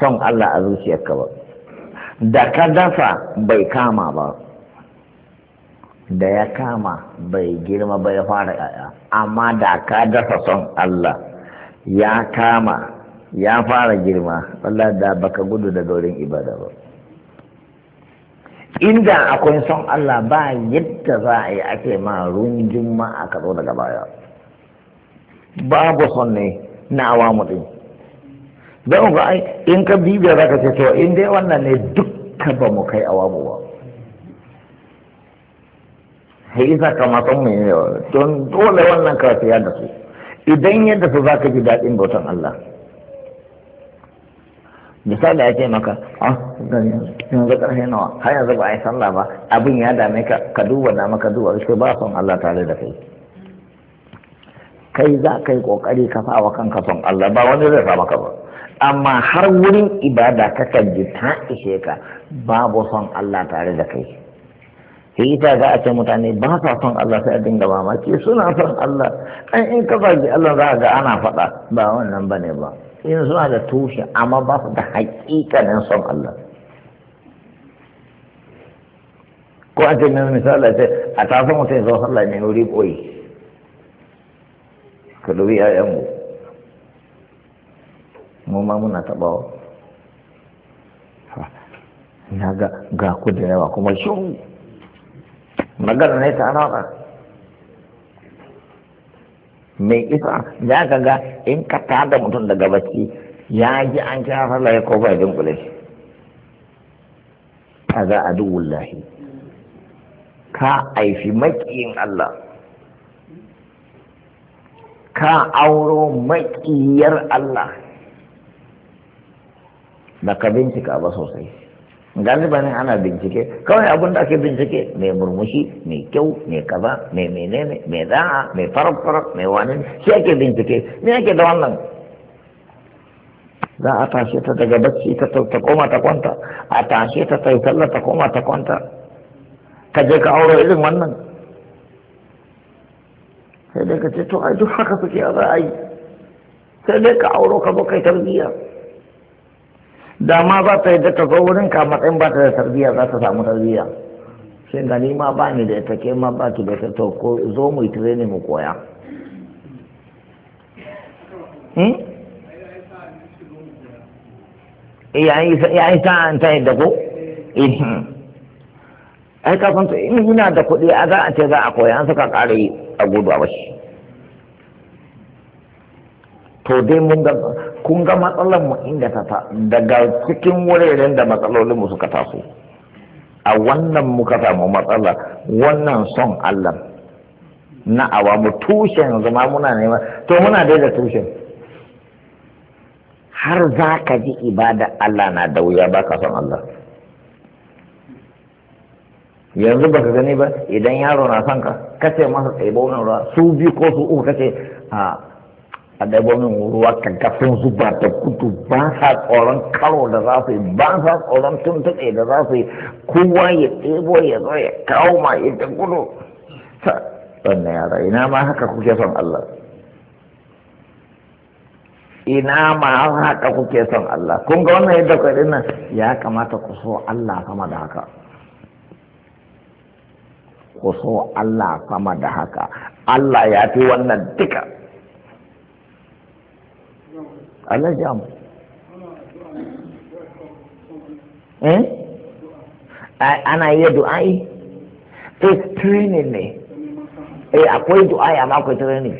son Allah a zuciyarka ba da ka dafa bai kama ba da ya kama bai girma bai fara yaya amma da ka dafa son Allah ya kama ya fara girma Allah da baka gudu da wurin ibada ba inda akwai son Allah ba yadda za a yi ake ma rungin ma a daga baya babu son ne na awamu din don ba ai in ka bibiya za ka ce to in dai wannan ne dukka ba mu kai awamu ba sai isa kama san mu ne don dole wannan ka ya yadda su idan yadda su za ka ji daɗin bautan Allah misali ake maka a ah, yanzu ƙarfe nawa har yanzu ba a yi sallah ba abin ya dame ka ka duba na maka duba su ba son Allah tare da kai kai za ka yi ƙoƙari ka sa wa kanka son Allah ba wani zai sa maka ba amma har wurin ibada kakan ji ta ishe ka babu son Allah tare da kai sai ita za a ce mutane ba sa son Allah sai a dinga mamaki suna son Allah an in ka zagi Allah za ga ana faɗa ba wannan ba ne ba in suna da tushe amma ba su da hakikanin son Allah ko a ce mai misali ce a tafi mutum zuwa sallah ne wuri ɓoyi ka dubi 'ya'yanmu mu ma muna wa? na ga ga ku da yawa kuma shiru magana ne ta raba mai isa ya ka ga in ka tada mutum daga baki ya ji an kira fara ya kofa ya dunkule shi a za a duwullahi ka aifi maƙiyin Allah ka auro maƙiyar Allah ba ka bincika ba sosai ne ana bincike kawai abin da ake bincike mai murmushi mai kyau mai kaza mai menene mai da'a mai farak-farak mai wani shi ake bincike ne ake da wannan za a tashe ta daga bacci ta ta koma ta kwanta a tashe ta ta sallah ta koma ta kwanta ka je ka aure irin wannan sai dai ka ce to ai duk haka suke a za a yi sai dai ka auro ka zo kai tarbiyya da ma za ta yi daga zo wurin ka matsayin ba ta da tarbiyya za ta samu tarbiyya shin ni ma ba ni da ita ke ma ba ki da ita to ko zo mu yi training mu koya hmm? ya yi sa'an ta yadda ko eh, hmm. ai kafin in yana da kuɗi a za a ce za a koya an suka ƙara yi a gudu a bashi to dai mun ga kun ga matsalar mu inda ta ta daga cikin wuraren da matsalolin mu suka taso a wannan muka samu matsala wannan son Allah na awa mu tushen zama muna neman to muna dai da tushen har za ka ji ibada Allah na da wuya ba ka son Allah yanzu ba ka gani ba idan yaro na son ka kace masa tsaye ba ruwa su biyu ko su uku kace a a ɗaibo min ruwa kanka sun zuba da kudu ba sa tsoron karo da za su yi ba sa tsoron tuntuɗe da za su yi kowa ya tsebo ya zo ya kawo ma ya ta gudu wannan yara ina ma haka kuke son Allah ina ma haka kuke son Allah kun ga wannan yadda ku nan ya kamata ku so Allah sama da haka ku so Allah sama da haka Allah ya fi wannan duka alajam A na iya du'ai eh training ne eh akwai du'ai amma akwai training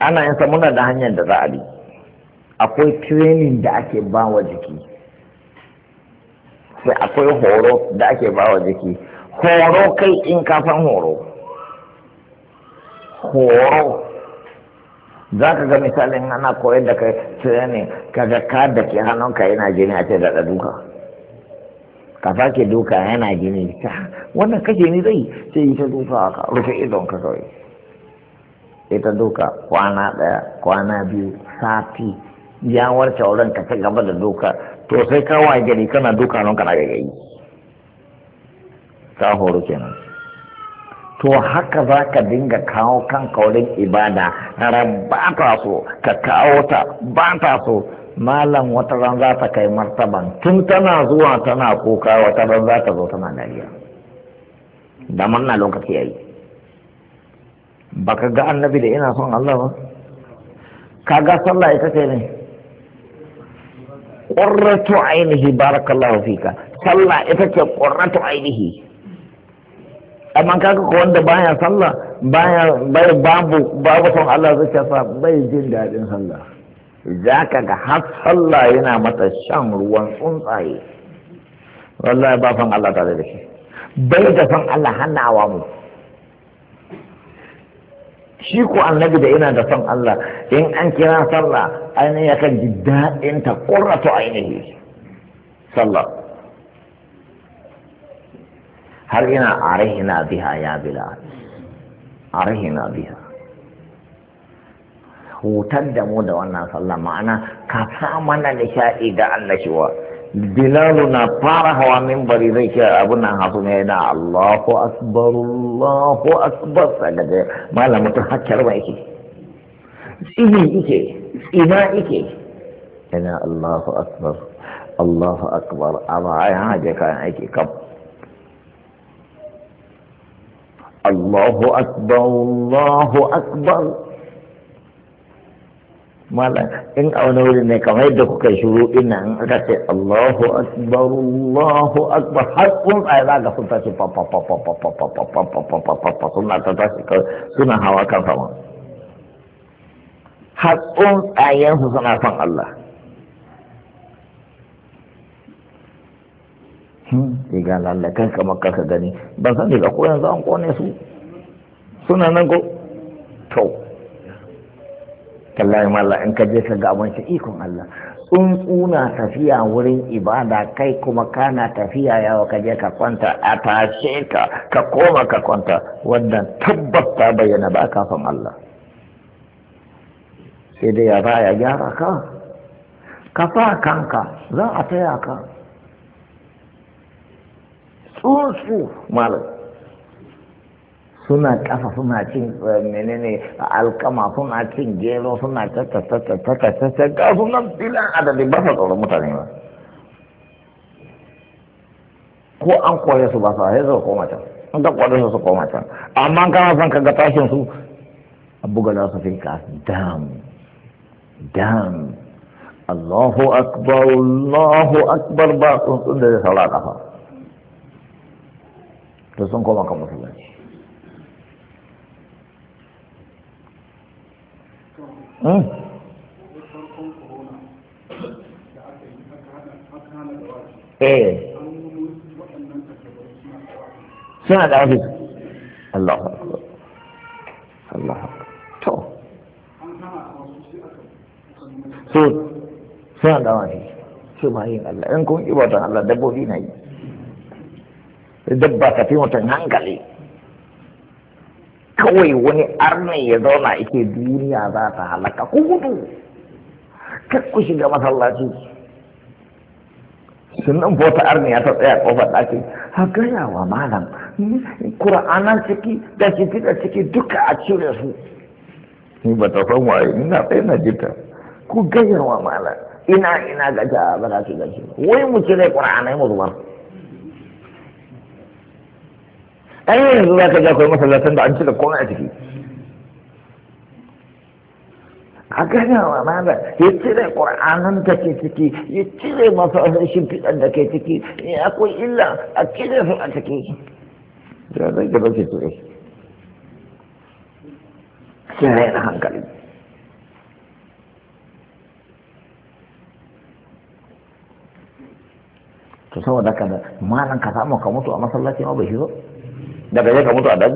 ana yin muna da hanyar da za akwai training da ake ba wa jiki sai akwai horo da ake ba wa jiki horo kai in kafan horo horo za ka ga misalin ana koyar da kai training kaga ka da ke hannunka yana jini a ce da duka ka ke duka yana jini wannan kashe ni zai sai yi ta duka a rufe idon ka kawai ita duka kwana ɗaya kwana biyu sati ya warce wurin ka ta gaba da duka to sai ka wa gari kana duka nan kana gagayi ka horo kenan to haka za ka dinga kawo kan kaurin ibada ba ta so ka kawo ta ba ta so malam wata ran za ta kai martaban tun tana zuwa tana kuka wata ran za ta zo tana dariya da manna lokaci yayi baka ga annabi da ina son Allah ba ka ga sallah ita ce ne qurratu ainihi barakallahu fika sallah ita ce qurratu ainihi amma kaga ko wanda baya sallah baya bai babu babu son Allah zai sa bai jin dadin sallah zaka ga har sallah yana mata shan ruwan tsuntsaye wallahi ba son Allah tare da shi bai da son Allah hannawa mu shi ko annabi da yana da son Allah in an kira sallah ainihin yakan ji daɗin ta ƙurratu ainihi sallah har yana arihina biha ya bila arihina biha hutar da mu da wannan sallah ma'ana ka sa mana nishaɗi da annashuwa bilalu na fara hawa mimbari zai ce abun nan hasu ne na Allahu akbar Allahu akbar sagaje malamin mutum hakkar ba yake tsini yake ina yake ina Allahu akbar Allahu akbar amma ai haje kayan aiki kam Allahu akbar Allahu akbar mala in a wani wuri ne kamar yadda kuka shuru ina in aka ce Allahu akbar Allahu akbar har kun ai za ga sun tashi ta hawa kan suna son Allah riga lallakan kamar kaka gani ban san daga ko yanzu an kone su suna nan ko to tallahi malla in ka je ka ga abin ikon Allah tsuntsuna tafiya wurin ibada kai kuma kana tafiya yawa kaje ka kwanta a tashe ka ka koma ka kwanta wannan tabbas ta bayyana ba kafin Allah sai dai ya ba ya gyara ka ka sa kanka za a taya ka su malam suna kafa suna cin eh, menene alkama suna cin gero suna kafa. to sun koma kan musulunci hmm? eh suna da abin Allah Allah to so suna da wani ce ma yin Allah in kun ibatan Allah dabbobi na yi dabba ta fi mutum hankali kawai wani arnai ya zauna ike duniya za ta halaka ku gudu kar ku shiga masallaci Sannan bota ya ta tsaya kofar ɗaki ha gaya wa malam Kura'ana ciki da ciki da ciki duka a cire su ni ba ta san waye ina tsaye na jita ku gaya wa malam ina ina gaja ba za su gaji wai mu cire ya mu zubar ai yanzu za ka ga akwai masallatan da an da komai a ciki a wa mana ya cire ƙur'anin da ke ciki ya cire masu asashin fiɗan da ke ciki ya akwai illa a cire su a ciki da zai gaba ke cire cire na hankali to saboda ka da malan ka samu ka mutu a masallaci ma bai shi zo daga je ka mutu a daji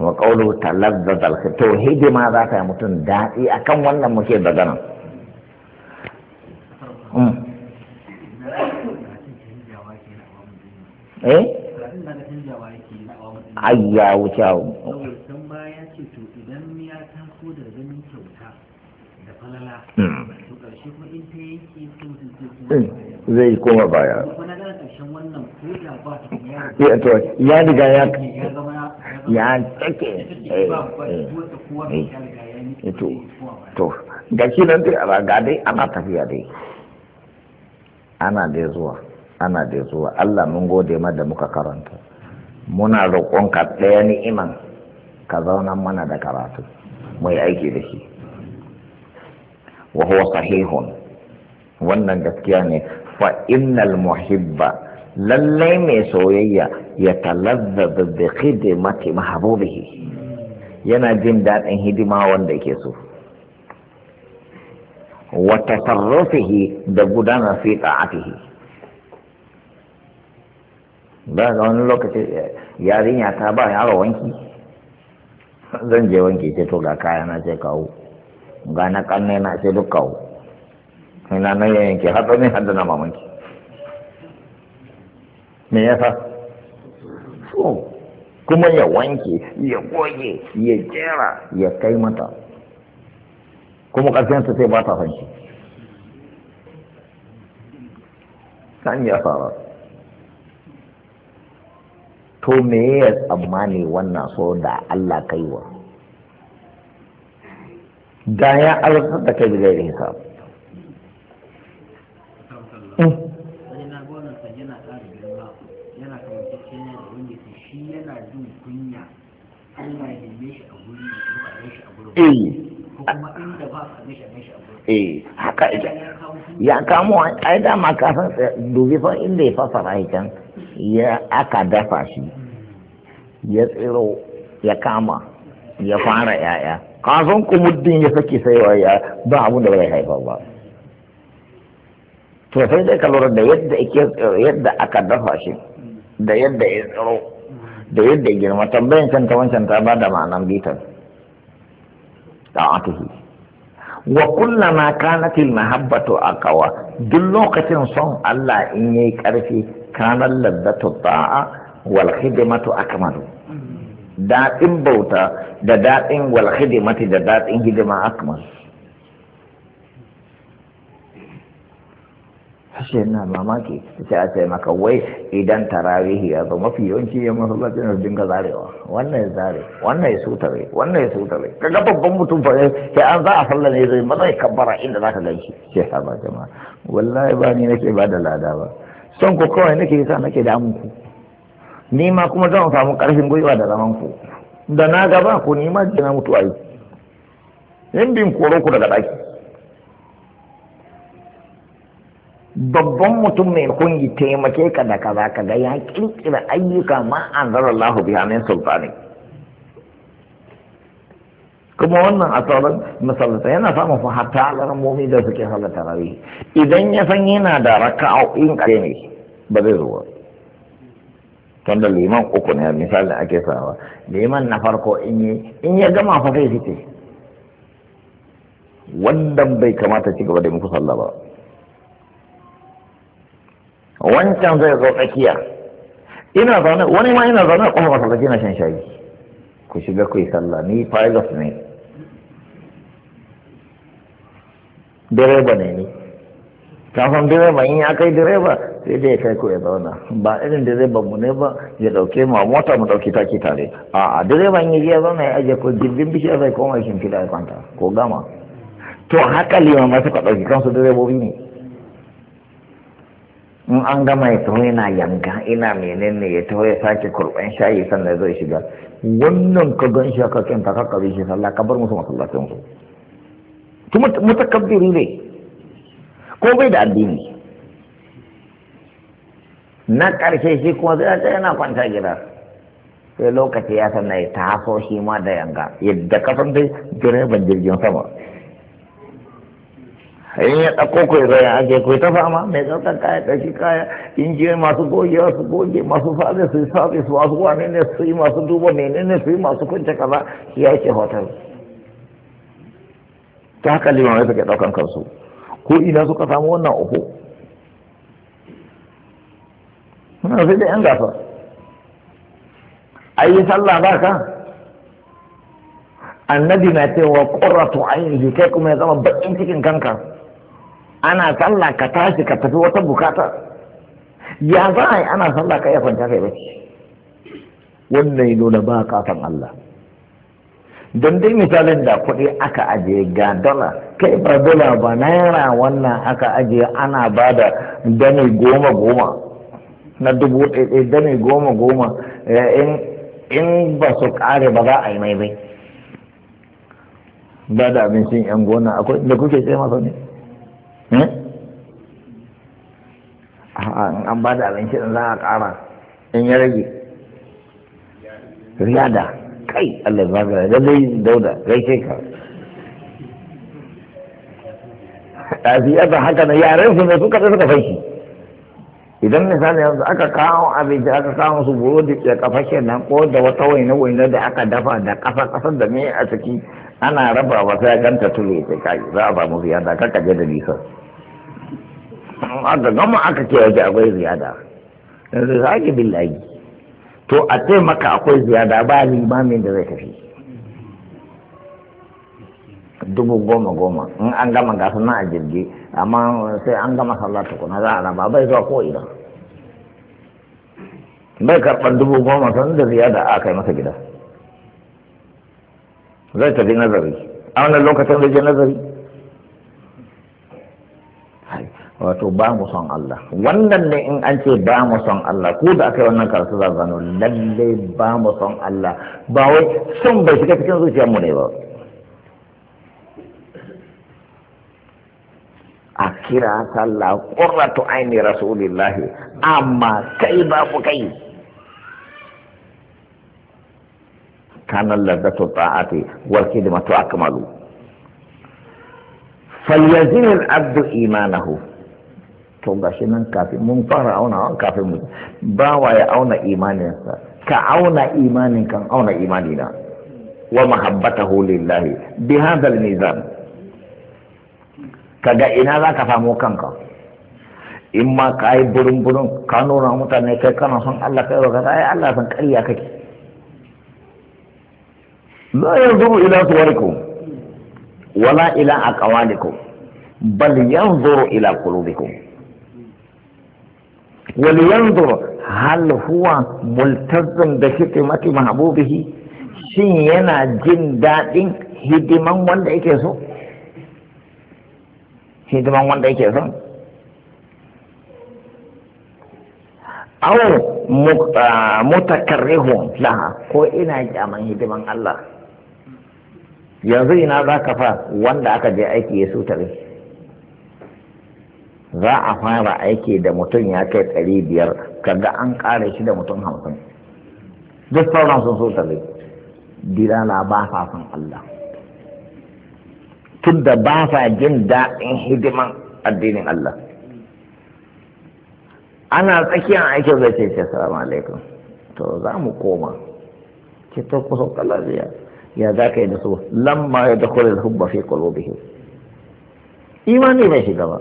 wa qawlu talazzat al tauhidi ma za ka mutum daɗi akan wannan muke da ganin kyauta da hmm. zai koma baya ya riga ya ya take eh, eh, eh. to to ga shi nan dai a ga dai ana tafiya dai ana dai zuwa ana dai zuwa Allah mun gode ma da muka karanta muna roƙonka ɗaya iman. ka zauna mana da karatu mai aiki da shi wa huwa sahihun wannan gaskiya ne fa innal muhibba lallai mai soyayya ya talazzaba bi khidmati mahbubihi yana jin daɗin hidima wanda yake so wa tasarrufihi da gudanar fi ta'atihi ba ga wani lokaci yarinya ta ba yaro wanki zan je wanki ce to ga kaya na ce kawo ga na kanne na ce duka kawo ina na yanke har ne har na mamanki me yasa so kuma ya wanke ya goge ya jera ya kai mata kuma ƙarshen su sai ba ta fanki san ya fara to me ya tsammani wannan so da Allah kaiwa da ya alasar da kai hmm. da gairin eh. eh haka ita ya kamo ai dama ka san dubi fa inda ya fasara can ya aka dafa shi ya tsiro ya kama ya fara yaya kasan ku muddin ya sake saiwa ya ba abun da bai haifar ba to sai dai ka lura da yadda yadda aka dafa shi da yadda ya tsaro da yadda ya girma tambayan kan ta wancan ta bada ma'anan bitan yi wa kullama kanat al mahabbatu aqwa duk lokacin son Allah in yayi karfi kanal ladatu ta'a wal khidmatu akmalu daɗin bauta da daɗin walhidimati da daɗin hidima akman hashe na mamaki sai a ce maka wai idan tarawihi ya zo mafi yawanci ya masallaci na dinga zarewa wannan ya zare wannan ya sutare wannan ya sutare kaga babban mutum fa sai an za a sallah ne zai maza ya kabbara inda zaka ganshi sai ha ba jama'a wallahi ba ni nake ba da lada ba son ku kawai nake yasa nake damun ku ni ma kuma zan samu karfin gwiwa da zaman ku da na gaba ku ni ma na mutu ayi in bin koro ku daga ɗaki babban mutum mai kungi taimake ka da kaza ka ga ya kirkira ayyuka ma an zara Allah biya min sultani kuma wannan a tsoron misalata yana samun fa hatta da suke halatta rari idan ya san yana da raka'o'in kare ne ba zai zo ba tunda liman uku ne misalin ake sawa liman na farko in ya gama fa zai fice wannan bai kamata ci gaba da muku sallah ba wancan zai zo tsakiya ina zaune wani ma ina zaune a ba masallaci na shan shayi ku shiga ku yi sallah ni pilot ne direba ne ni kafin direba in ya kai direba sai dai ya kai ko ya zauna ba irin direba mu ne ba ya dauke mu mota mu dauki taki tare a a direba in ya zauna ya aje ko jirgin bishiya zai koma shin fida ya kwanta ko gama to haka limamai suka dauki kansu direbobi ne in an gama ya taho yana yanga ina menene ya taho ya sake kurban shayi sannan zai shiga wannan ka gan shi ka kenta ka kabe shi sallah ka bar musu masallacin su mutakabbiri ne ko bai da addini na ƙarshe shi kuma zai ce yana kwanta gida sai lokaci ya sanna ya taso shi ma da yanga yadda kasan dai direban jirgin sama in ya ɗauko ku ya zai ake ku ta fama mai ɗaukar kaya ɗauki kaya injiyar masu goge su goge masu sabe su sabe su masu wane ne su yi masu duba ne su yi masu kunce kaza shi ya ce hotel ta haka liman ya suke ɗaukan kansu ko ina suka samu wannan uku muna sai da yan gasa a yi sallah ba ka annabi na cewa a yin kai kuma ya zama baƙin cikin kanka ana sallah ka tashi ka tafi wata bukata ya za a yi ana sallah ka ya kwanta kai bacci wannan ya nuna ba kasan Allah don dai misalin da kuɗi aka ajiye ga dala kai ba dala ba naira wannan aka ajiye ana ba da dani goma goma na dubu ɗaiɗai dani goma goma eh, in ba su ƙare ba za a yi mai bai ba da abincin yan gona akwai da kuke ce masa ne hmm? an ba da abincin za a ƙara in ya rage riyada kai Allah ba zaga da dai dauda gaishe ka tafiya da haka na yaren su ne suka suka fashi idan misali yanzu aka kawo abinci aka kawo su burodi da kafashe nan ko da wata waina waina da aka dafa da kafa kasar da me a ciki ana raba wa sai ganta tule ta kai za a ba samu ziyada ka kaje da nisa aka gama aka ce waje akwai ziyada yanzu za ki billahi to a ce maka akwai ziyada ba limamin da zai tafi dubu goma goma in an gama gasa na a jirgi amma sai an gama sallah tukuna za a raba bai zuwa ko ina bai karɓar dubu goma sun da ziyada a kai masa gida zai tafi nazari a wannan lokacin zai je nazari wato ba mu son Allah wannan ne in an ce ba mu son Allah ko da aka yi wannan karatu za zano lalle ba mu son Allah ba wai son bai shiga cikin zuciyar mu ne ba a kira sallah qurratu aini rasulillah, amma kai ba ku kai kana ladatu ta'ati wal khidmatu akmalu al Abdu imanahu. to gashi nan kafin mun fara auna kafin mu ba wa ya auna imaninsa ka auna imanin kan auna imanina wa mahabbatahu lillahi bi hadha al-mizan kaga ina za ka samu kanka in ma ka yi burin burin ka nuna mutane kai kana son Allah kai baka ai Allah san ƙarya kake la yanzuru ila suwarikum wala ila aqwalikum bal yanzuru ila qulubikum ولينظر هل هو ملتزم بخدمة محبوبه shin yana jin daɗin hidiman wanda yake so hidiman wanda yake so aw mutakarrihun laha ko ina kyaman hidiman Allah yanzu ina za ka fa wanda aka je aiki ya sutare za a fara aiki da mutum ya kai ɗari biyar kaga an ƙara shi da mutum hamsin duk sauran sun so tare dilala ba sa son Allah tun da ba sa jin daɗin hidiman addinin Allah ana tsakiyar aikin zai ce salamu alaikum to za mu koma ce ta kusa kalaziya ya za ka yi da su lamma ya da kore hubba fi kolobihi imani bai shiga ba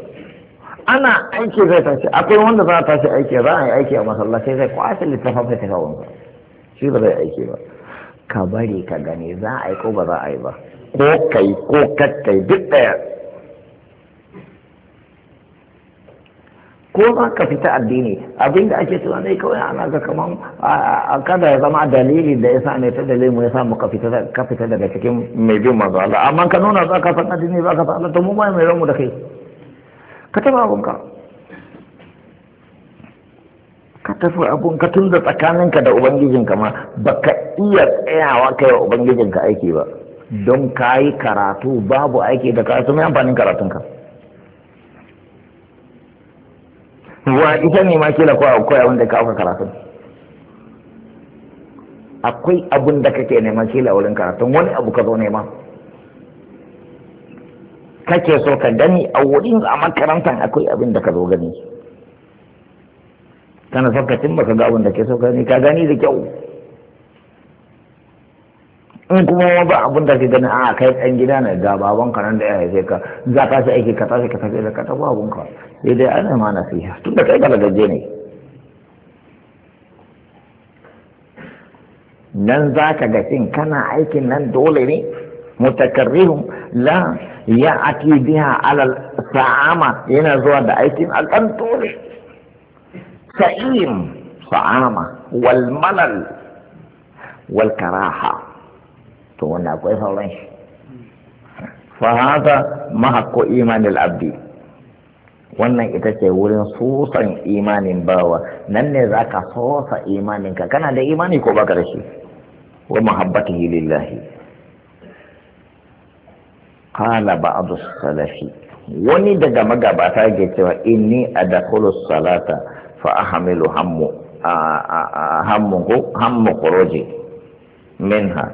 ana aiki zai tashi akwai wanda za a tashi aiki za a yi aiki a masallaci zai kwashe littafin mai tafa wanzu shi ba zai aiki ba ka bari ka gani za a yi ko ba za a yi ba ko kai ko kakkai duk daya ko za ka fita addini abin da ake tunani kawai ana ga kaman kada ya zama dalili da ya sa ne ta dalilin ya mu ka fita daga cikin mai bin manzo Allah amma ka nuna za ka san addini za ka san Allah to mu mai mu da kai ka tafi abunka ka tafi ka tun da tsakaninka da ubangijinka ma ba ka iya tsayawa kai wa ubangijinka aiki ba don ka yi karatu babu aiki da karatu mai amfanin karatunka wa ita ne ma kila ko akwai abin da ka karatun akwai abin da kake nema kila wurin karatun wani abu ka zo nema kake so ka gani a wurin a makarantar akwai abin da ka zo gani kana so ka cimma ka ga abin da ke so ka gani ka gani da kyau in kuma ba abin da ke gani a kai ɗan gida na ga baban ka nan da ya haife ka za ka sai aiki ka tashi ka tafi da ka tafi abun ka sai dai ana ma nasiha tun da kai balagaje ne nan za ka ga shin kana aikin nan dole ne mutakarrihun la ya ake biya alal sa'ama yana zuwa da aikin alƙantore sa'im sa'ama wal malal to wanda akwai sauran shi mahakko imanil abdi wannan ita ce wurin sosan imanin bawa nan ne za ka sosa imaninka kana da imani ko ba da wa mahabbatihi hilillahi. qala ba'du salafi wani daga magabata ke cewa inni adkhulu salata fa ahmilu hammu hammu hammu zai minha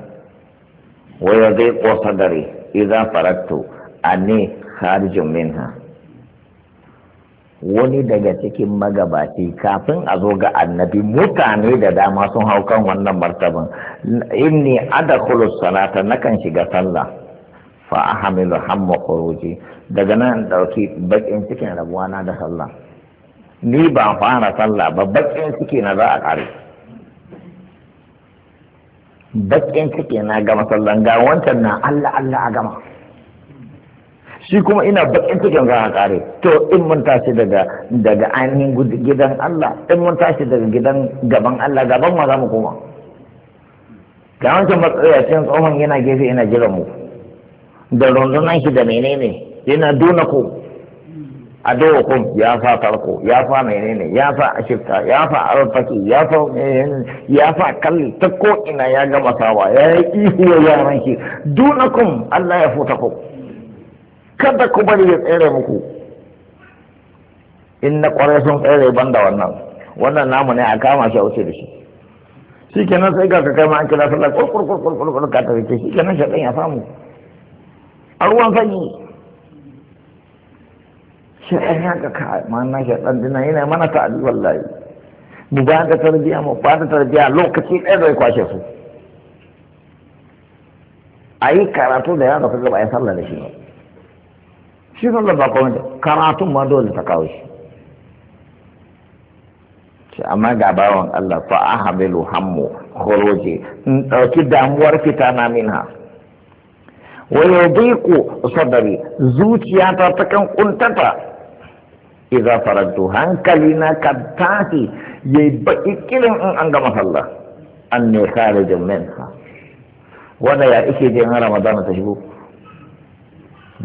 wa yadhiqu sadri idza faraktu anni kharijun minha wani daga cikin magabaci kafin a zo ga annabi mutane da dama sun hau kan wannan martaban inni adkhulu salata nakan shiga sallah fa hamilu hamma khuruji daga nan dauki bakin cikin rabuwa na da sallah ni ba fara sallah ba baƙin ciki na za a ƙare. Baƙin ciki na gama sallah, ga wancan na Allah Allah a gama shi kuma ina baƙin cikin za a ƙare, to in mun tashi daga daga ainihin gidan Allah in mun tashi daga gidan gaban Allah gaban ma za mu koma ga wancan matsayacin tsohon yana gefe yana jiran mu da rundunan shi da menene yana duna ku a kun ya fa farko ya fa menene ya fa ashirka ya fa alfaki ya fa ya fa kalli ta ko ina ya gama sawa ya yi ihu ya yaran shi dunakum Allah ya futa ku kada ku bari ya tsere muku in na kwarai sun tsere banda wannan wannan namu ne a kama shi a wuce da shi shi kenan sai ga ka kai ma an kira sallah kurkurkurkurkur ka shi kenan ya samu a ruwan fanyi shi an yaka ka mana shi dan dina yana mana ta abi wallahi mu ba da tarbiya mu ba da tarbiya lokaci ɗaya zai kwashe su a yi karatu da yaro kaga ba a yi sallah da shi ba shi sallah ba kuma karatun ma dole ta kawo shi shi amma ga bawan Allah fa ahabilu hammu khuruji in dauki damuwar fitana minha sadari zuciya ta zuciyata kan kuntata idza faradtu hankalina kad tahi yayi baki kirin in an gama sallah an ne kharijin ha wanda ya ike jin ramadana ta shigo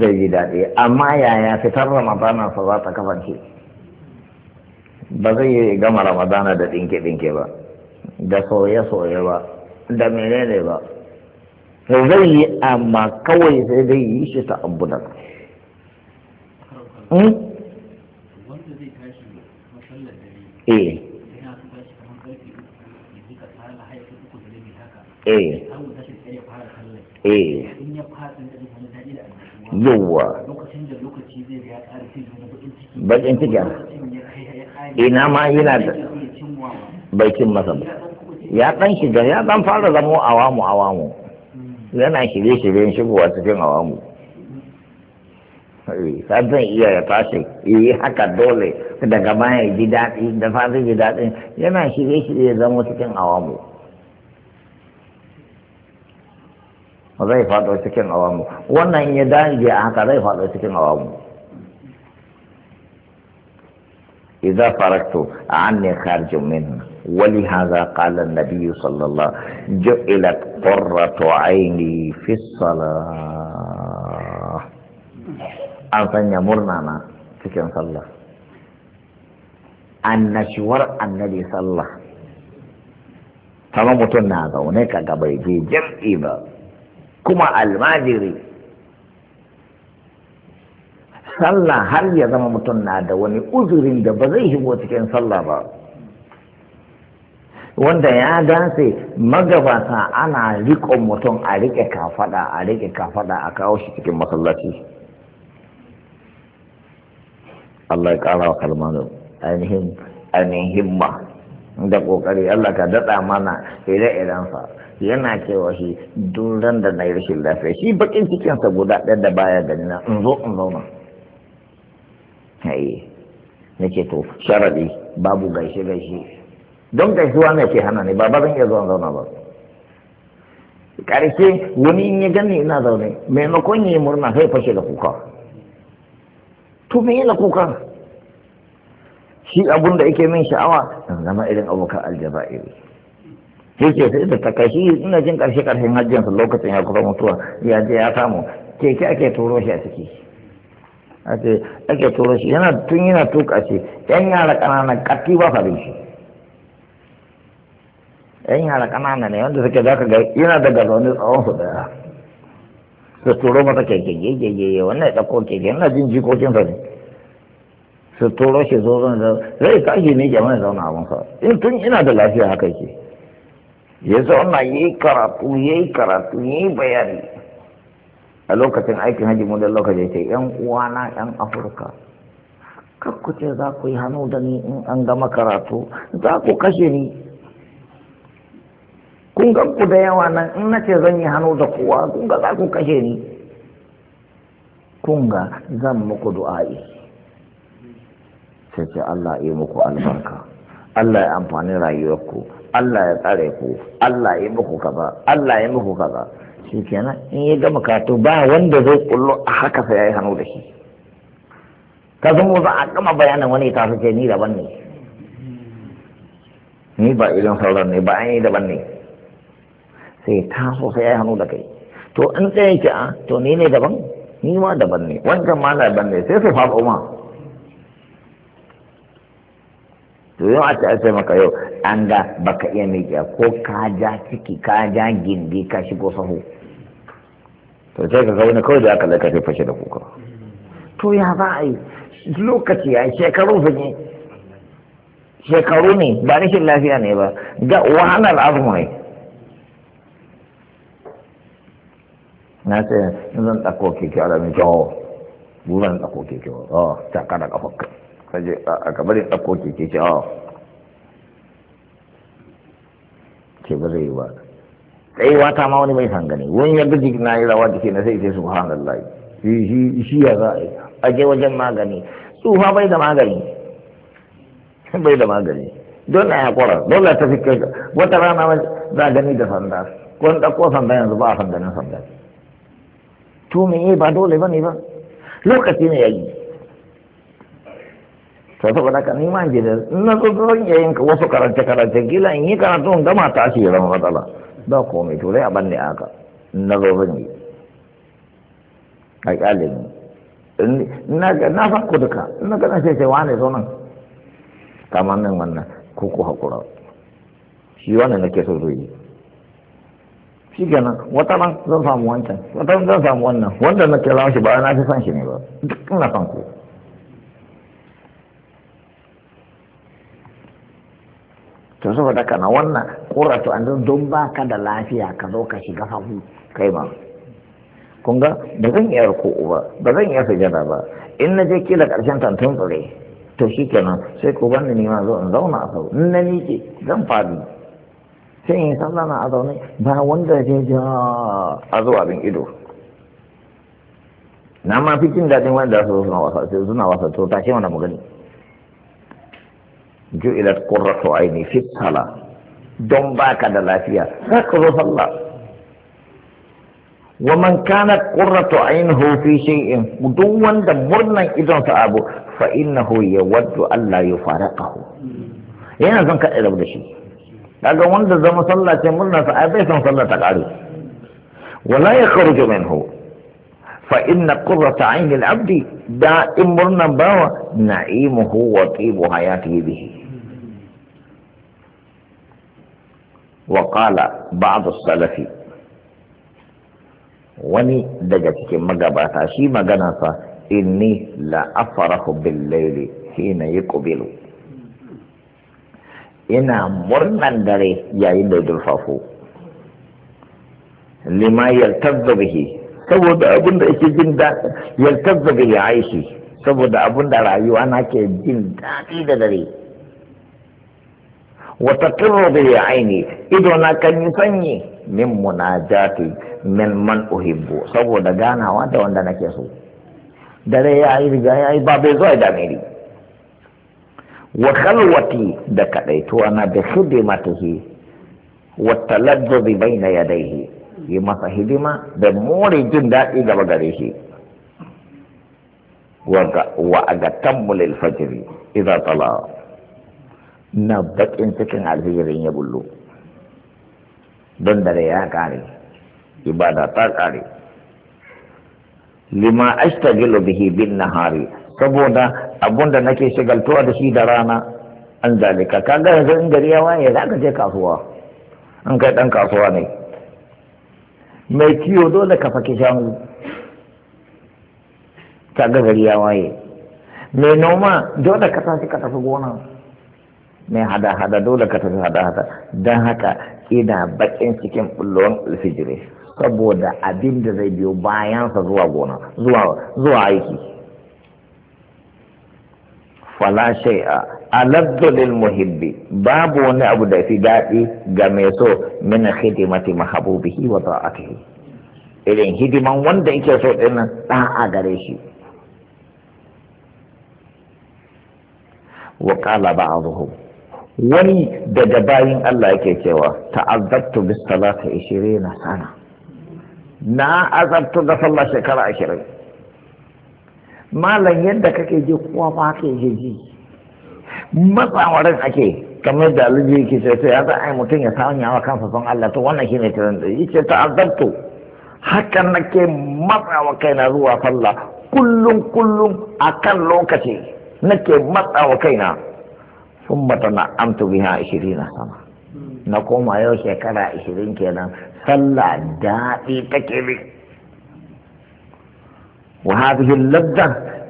zai ji daɗi amma yaya fitar ramadana sa za ta ba zai yi gama ramadana da ɗinke-ɗinke ba da soye-soye ba da menene ba zai yi amma kawai sai dai yi shi ta abunan yawwa bakin ciki ina ma yana da bai cin masa ba ya dan shiga ya dan fara zamo awamu awamu yana shirye-shiryen shigowa cikin awamu eh, zan iya ya tashi yi eh, haka dole daga baya ji daɗi da fata ji daɗin yana shirye-shirye zama cikin awamu zai faɗo cikin awamu wannan ya dage a haka zai faɗo cikin awamu إذا فرقت عني خارج منه ولهذا قال النبي صلى الله عليه وسلم جعلت قرة عيني في الصلاة أنسان يمرنا في كم صلى النشور النبي صلى الله kama mutum na zaune ka ga bai je jam'i sallah har ya zama mutum na da wani uzurin da ba zai shigo cikin sallah ba wanda ya dace magabata ana riƙon mutum a riƙe kafaɗa a riƙe kafaɗa a kawo shi cikin masallaci Allah ya ƙara wa kalmanu ainihin ainihin himma da ƙoƙari Allah ka daɗa mana ire-irensa yana cewa shi duran da na yi rashin lafiya shi bakin cikinsa guda ɗaya da baya gani na in zo in zauna Eh, na nake to sharadi babu gaishe gaishe don gaisuwa ne ke hana ne ba ba zan iya zuwa zauna ba karshe wani in ya gani ina zaune maimakon yi murna sai fashe da kuka to me yana kuka shi abun da yake min sha'awa in zama irin abokan aljaba'iri sai ce sai da takashi ina jin karshe karshen hajjinsa lokacin ya kusa mutuwa ya je ya samu keke ake turo shi a ciki ake ake tura shi yana tun yana tuka shi yan yara kananan kati ba fa bin shi yan yara kananan ne wanda suke zaka ga yana daga zaune tsawon su daya su turo masa keke yeye wannan ya ɗauko keke yana jin sa ne su turo shi zo zan zan zai tashi ne ke mana zauna abin sa in tun ina da lafiya haka ke ya zauna ya yi karatu ya yi karatu ya yi bayani a lokacin aikin hajji mu da lokacin ce yan uwana yan afirka ce za ku yi hannu da ni in an gama karatu za ku kashe ni kun ga ku da yawa nan in na ce zan yi hannu da kowa kun ga za ku kashe ni kun ga zan muku du'a'i sai ce Allah ya muku albarka Allah ya amfani rayuwarku Allah ya tsare ku Allah ya muku kaza Allah ya muku kaza shi kenan in ya gama kato ba wanda zai kullo a haka sai ya yi hannu da shi ka zan mu a gama bayanin wani ta fi ce ni daban ne ni ba idan sauran ne ba an yi daban ne sai ta so sai ya yi hannu da kai to in tsaye ki a to ni ne daban ni ma daban ne wancan ma daban ne sai su faɗo ma to yau a ce maka yau an ga baka iya miƙe ko ka ja ciki ka ja gindi ka shigo sahu to sai ka ga wani kawai da aka laka sai fashe da kuka to ya ba a yi lokaci ya shekaru fa ne shekaru ne ba rashin lafiya ne ba ga wahalar azumi ne na ce zan tsako keke alamin jawo zan tsako keke wa oh, ta kada kafa kai kaje a a kabarin ɗauko keke ke awa ke ba zai yi ba tsayuwa ta ma wani mai sangane wani ya gaji na yi rawa jiki na sai ce subhanallah shi ya za a yi a je wajen magani tsufa bai da magani bai da magani don na yakwara dole na tafi kai wata rana za gani da sanda ko in ɗauko sanda yanzu ba a sandanin sanda to me ba dole ba ne ba lokaci ne ya yi sai saboda ka nima ji da na so zan ya yin wasu karance karance gila in yi karatu da ma ta ya zama matsala ba komai to dai a banne aka. na zo zan yi a kyale ni na san ku duka na ga na ce sai wane zo nan kamar min wannan ko ku hakura shi wannan nake so zo yi shi nan wata ran zan samu wancan wata ran zan samu wannan wanda na kira shi ba na fi san shi ne ba duk ina san ku to saboda na wannan ƙuratu an don ba ka da lafiya ka zo ka shiga hagu kai ma kun ga ba zan iya ko ba ba zan iya sujada ba in na je kila ƙarshen tantun tsire to shi kenan sai ku ban ni ma zo in zauna a sau in na miƙe zan faɗi sai in san sallama a zaune ba wanda zai ja a zo abin ido na ma fi jin daɗin wanda su suna wasa suna wasa to ce wani magani جعلت قرة عيني في الصلاة دم باك دلا فيها اقرف الله ومن كانت قرة عينه في شيء دوا دمرنا إذن تعبوا فإنه يود ألا يفارقه هنا زن كأيضا بلشي لأنه وند زم صلى تمرنا فأبي زم صلى تقعد ولا يخرج منه فإن قرة عين العبد دائم مرنا باوى نعيمه وطيب حياته به وقال بعض السلف وني دجتك مغباتا شي مغنفا إني لا أفرح بالليل حين يقبل إنا مرنا دري يا إلي دلفافو لما يلتذ به saboda abin da ake jin daɗi yaltazza bihi aishi saboda abin da rayuwa na ke jin daɗi da dare Wata ya وتقر به عيني إذا أنا sanyi يسني min man من Saboda أحبه wanda wanda na ke so. dare ya yi riga ya yi ba bai zuwa da ni wa khalwati da kadaituwa na da wata wa talazzubi baina yadayhi yi masa hidima da more jin daɗi gaba gare shi wa agatammu lil fajri idza tala'a na bakin cikin alfijirin ya bullo don dare ya kare ibada ta kare lima ashtagilu bihi bin nahari saboda abunda nake shigaltuwa da shi da rana an zalika kaga yanzu in gari ya waye za ka je kasuwa an kai dan kasuwa ne mai kiyo dole ka faki shanu kaga gari ya waye mai noma dole ka tashi ka tafi gona mai hada-hada dole ka tafi hada-hada don haka ina bakin cikin bullon alfijiri saboda abin da zai biyo bayansa zuwa gona zuwa aiki fala shay'a aladdu lil muhibbi babu wani abu da fi daɗi ga mai so min khidmati mahbubihi wa ta'atihi irin hidiman wanda yake so din nan da'a gare shi wa a ba'dhum wani daga bayin Allah yake cewa ta'azzabtu bis salati 20 sana na azabtu da sallah shekara 20 malam yadda kake ji kowa ba kake ji matsawarin ake kamar da alibi yake ce sai ya za a yi mutum ya samu yawa kansa son Allah to wannan ne tiran da yace ta'azzabtu hakan nake matsawa kaina zuwa sallah kullum kullum akan lokaci nake matsawa kaina sun bata na amtu biya ashirin na sama na koma yau shekara ishirin kenan sallah daɗi take bi wa hadhihi ladda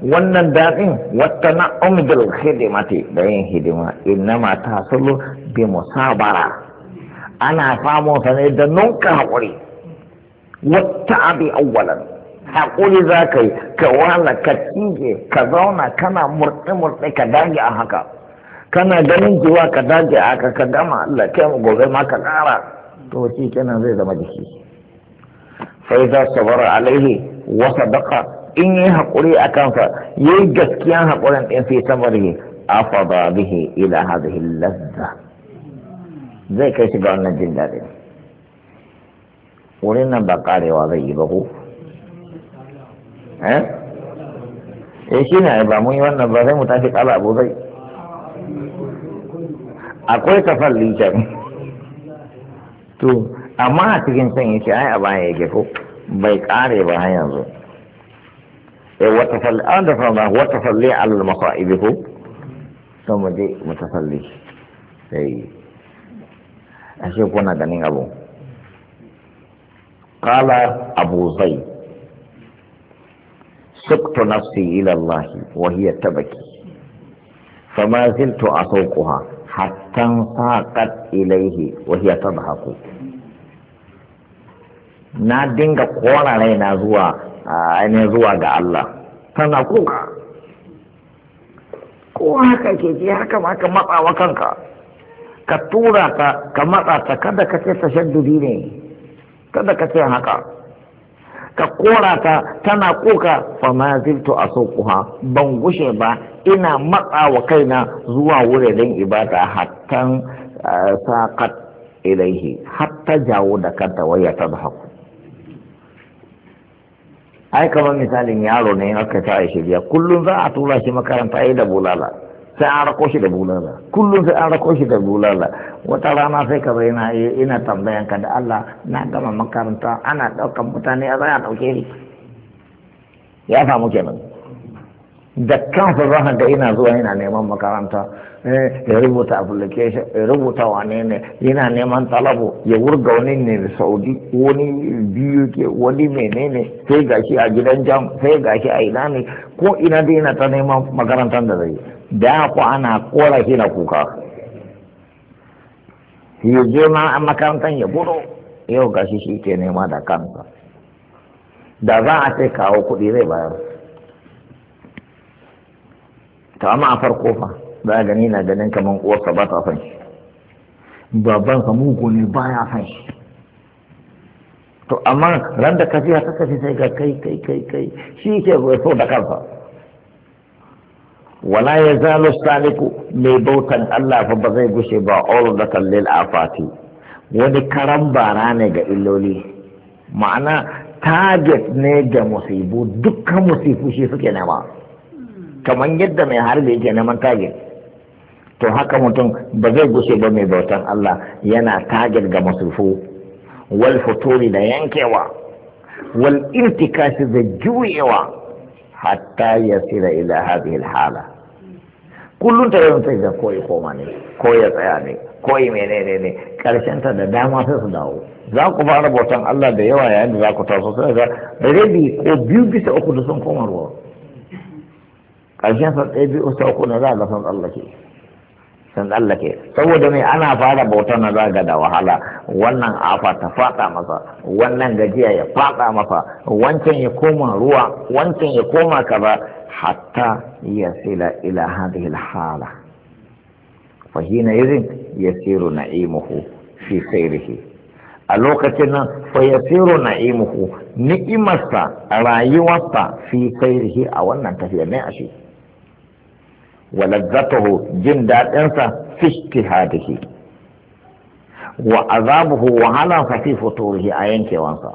wannan daɗin wata na umdul khidmati da yin hidima innama ta salo bi musabara ana samun sa ne da nunka hakuri. wata abi awwalan haƙuri za ka yi ka wahala ka cije ka zauna kana murɗe-murɗe ka dage a haka kana ganin cewa ka dace a ka ka gama Allah kai mu gobe ma ka kara. to shi kenan zai zama jiki fa idza sabara alaihi wa sadaqa in yi hakuri a kansa yi gaskiya hakurin din sai sabari afada bihi ila hadhihi lazza zai kai shi ga wannan jin dadi wurin nan ba karewa zai yi ba ko eh eh shi ne ba mun yi wannan ba sai mu tafi kala abu zai akwai tafallin can to amma a cikin san yake ai a baya yake ko bai kare ba har yanzu eh wata falli an da fara wata falli alal masa'ib ko to mu je mutafalli sai ashe kuna ganin abu qala abu zaid سقت نفسي إلى الله وهي تبكي فما زلت أسوقها hattan saƙat ilaihi wa hiya tadhaku na dinga kora raina zuwa ainihin zuwa ga Allah tana kuka ko haka ke ce haka ma ka matsa wa kanka ka tura ka ka matsa ta kada ka ce tashaddudi ne kada ka ce haka ka kora ta tana kuka fa ma zibtu asuquha ban gushe ba ina matsa wa kaina zuwa wuraren ibada hatta saqat ilaihi hatta jawo da kanta waya ta haku ai kamar misalin yaro ne in aka ta shi ya kullum za a tura shi makaranta ai da bulala sai an rako shi da bulala kullum sai an rako shi da bulala wata rana sai ka zai na ina tambayan ka da Allah na gama makaranta ana daukan mutane a za a dauke shi ya samu kenan da kansa za ga ina zuwa yana neman makaranta eh, ya rubuta application ya rubuta wane ne yana neman talabo ya wurga wani ne da saudi wani biyu ke wani menene sai gashi a gidan jam sai gashi a ina ne ko ina da yana ta neman makarantar da zai da ku ana kora shi na kuka ya je ma a makarantar ya buro yau gashi shi ke nema da kansa da za a sai kawo kuɗi zai bayar to amma a farko fa za gani na ganin kamar uwarsa ba ta san shi babansa mugu ne ya san shi to amma ran da kafiya ta kafi sai ga kai kai kai kai shi ke so da kansa wala ya zalo saliku mai bautan Allah fa ba zai gushe ba all da kallil afati wani karan bara ne ga illoli ma'ana target ne ga musibu dukkan musibu shi suke nema kamar yadda mai harbi yake neman taget. to haka mutum ba zai gushe ba mai bautan Allah yana taget ga masufu wal futuri da yankewa wal irtikashi da juyewa hatta ya yasira ila hadhihi hala kullum ta yawan ga koyi koma ne ko tsaya ne koyi menene ne karshen ta da dama sai su dawo za ku fara bautan Allah da yawa yayin da za ku taso sai ga rabi ko biyu bisa uku da sun koma ruwa ƙarshen san ɗaya biyu sau na za ga san tsallake san tsallake saboda me ana fara bautar na za ga da wahala wannan afa ta fada masa wannan gajiya ya fada masa wancan ya koma ruwa wancan ya koma kaza hatta ya sila ila hadhihi alhala fa hina yadin yasiru na'imuhu fi sayrihi a lokacin nan fa yasiru na'imuhu ni'imarsa rayuwarsa fi sayrihi a wannan tafiya ne shi wa lazzatuhu jin daɗinsa fi ijtihadihi wa azabuhu wahala fa fi futurihi a yankewansa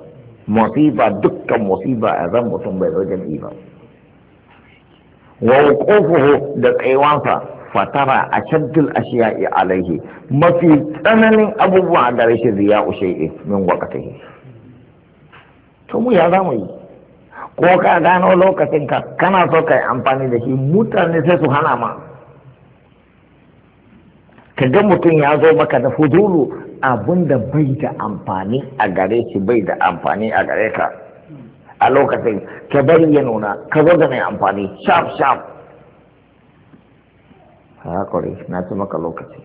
musiba dukkan musiba a zan mutum bai zo jam'i ba wa wuqufuhu da tsayuwansa fatara a ashaddul ashiya'i alaihi mafi tsananin abubuwa da rashin riya shay'i min waqtihi to mu ya zamu yi ko ka gano lokacin ka, kana so ka yi amfani da shi mutane sai su hana ma ka ga mutum ya zo maka da fudulu abin da bai da amfani a gare shi bai da amfani a gare ka a lokacin ka bari ya nuna ka zo da mai amfani sharp sharp hakuri na ci maka lokaci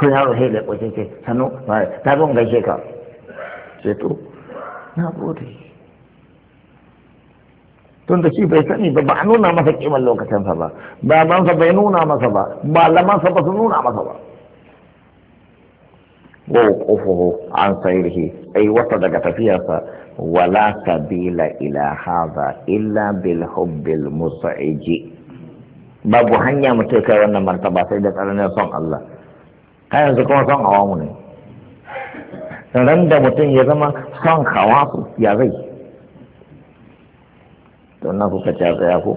ko yaro sai da kwace ce sanu ta zo gaishe ka ce to na gode tun da shi bai sani ba ba a nuna masa kiman lokacinsa ba babansa bai nuna masa ba malamansa ba su nuna masa ba wa wuqufuhu an sayrihi ai wata daga tafiyarsa wala sabila ila haza, illa bil hubbil musa'iji babu hanya mutum kai wannan martaba sai da tsananin son Allah kai yanzu kuma son awamu ne ran da mutum ya zama son hawa ya zai don na kuka tsaya ko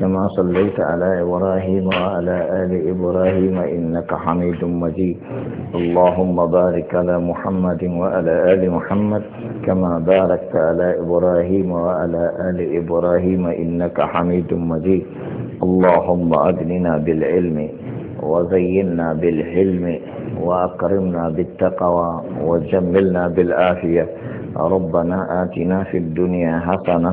كما صليت على إبراهيم وعلى آل إبراهيم إنك حميد مجيد اللهم بارك على محمد وعلى آل محمد كما باركت على إبراهيم وعلى آل إبراهيم إنك حميد مجيد اللهم أدننا بالعلم وزينا بالحلم وأكرمنا بالتقوى وجملنا بالآفية ربنا آتنا في الدنيا حسنة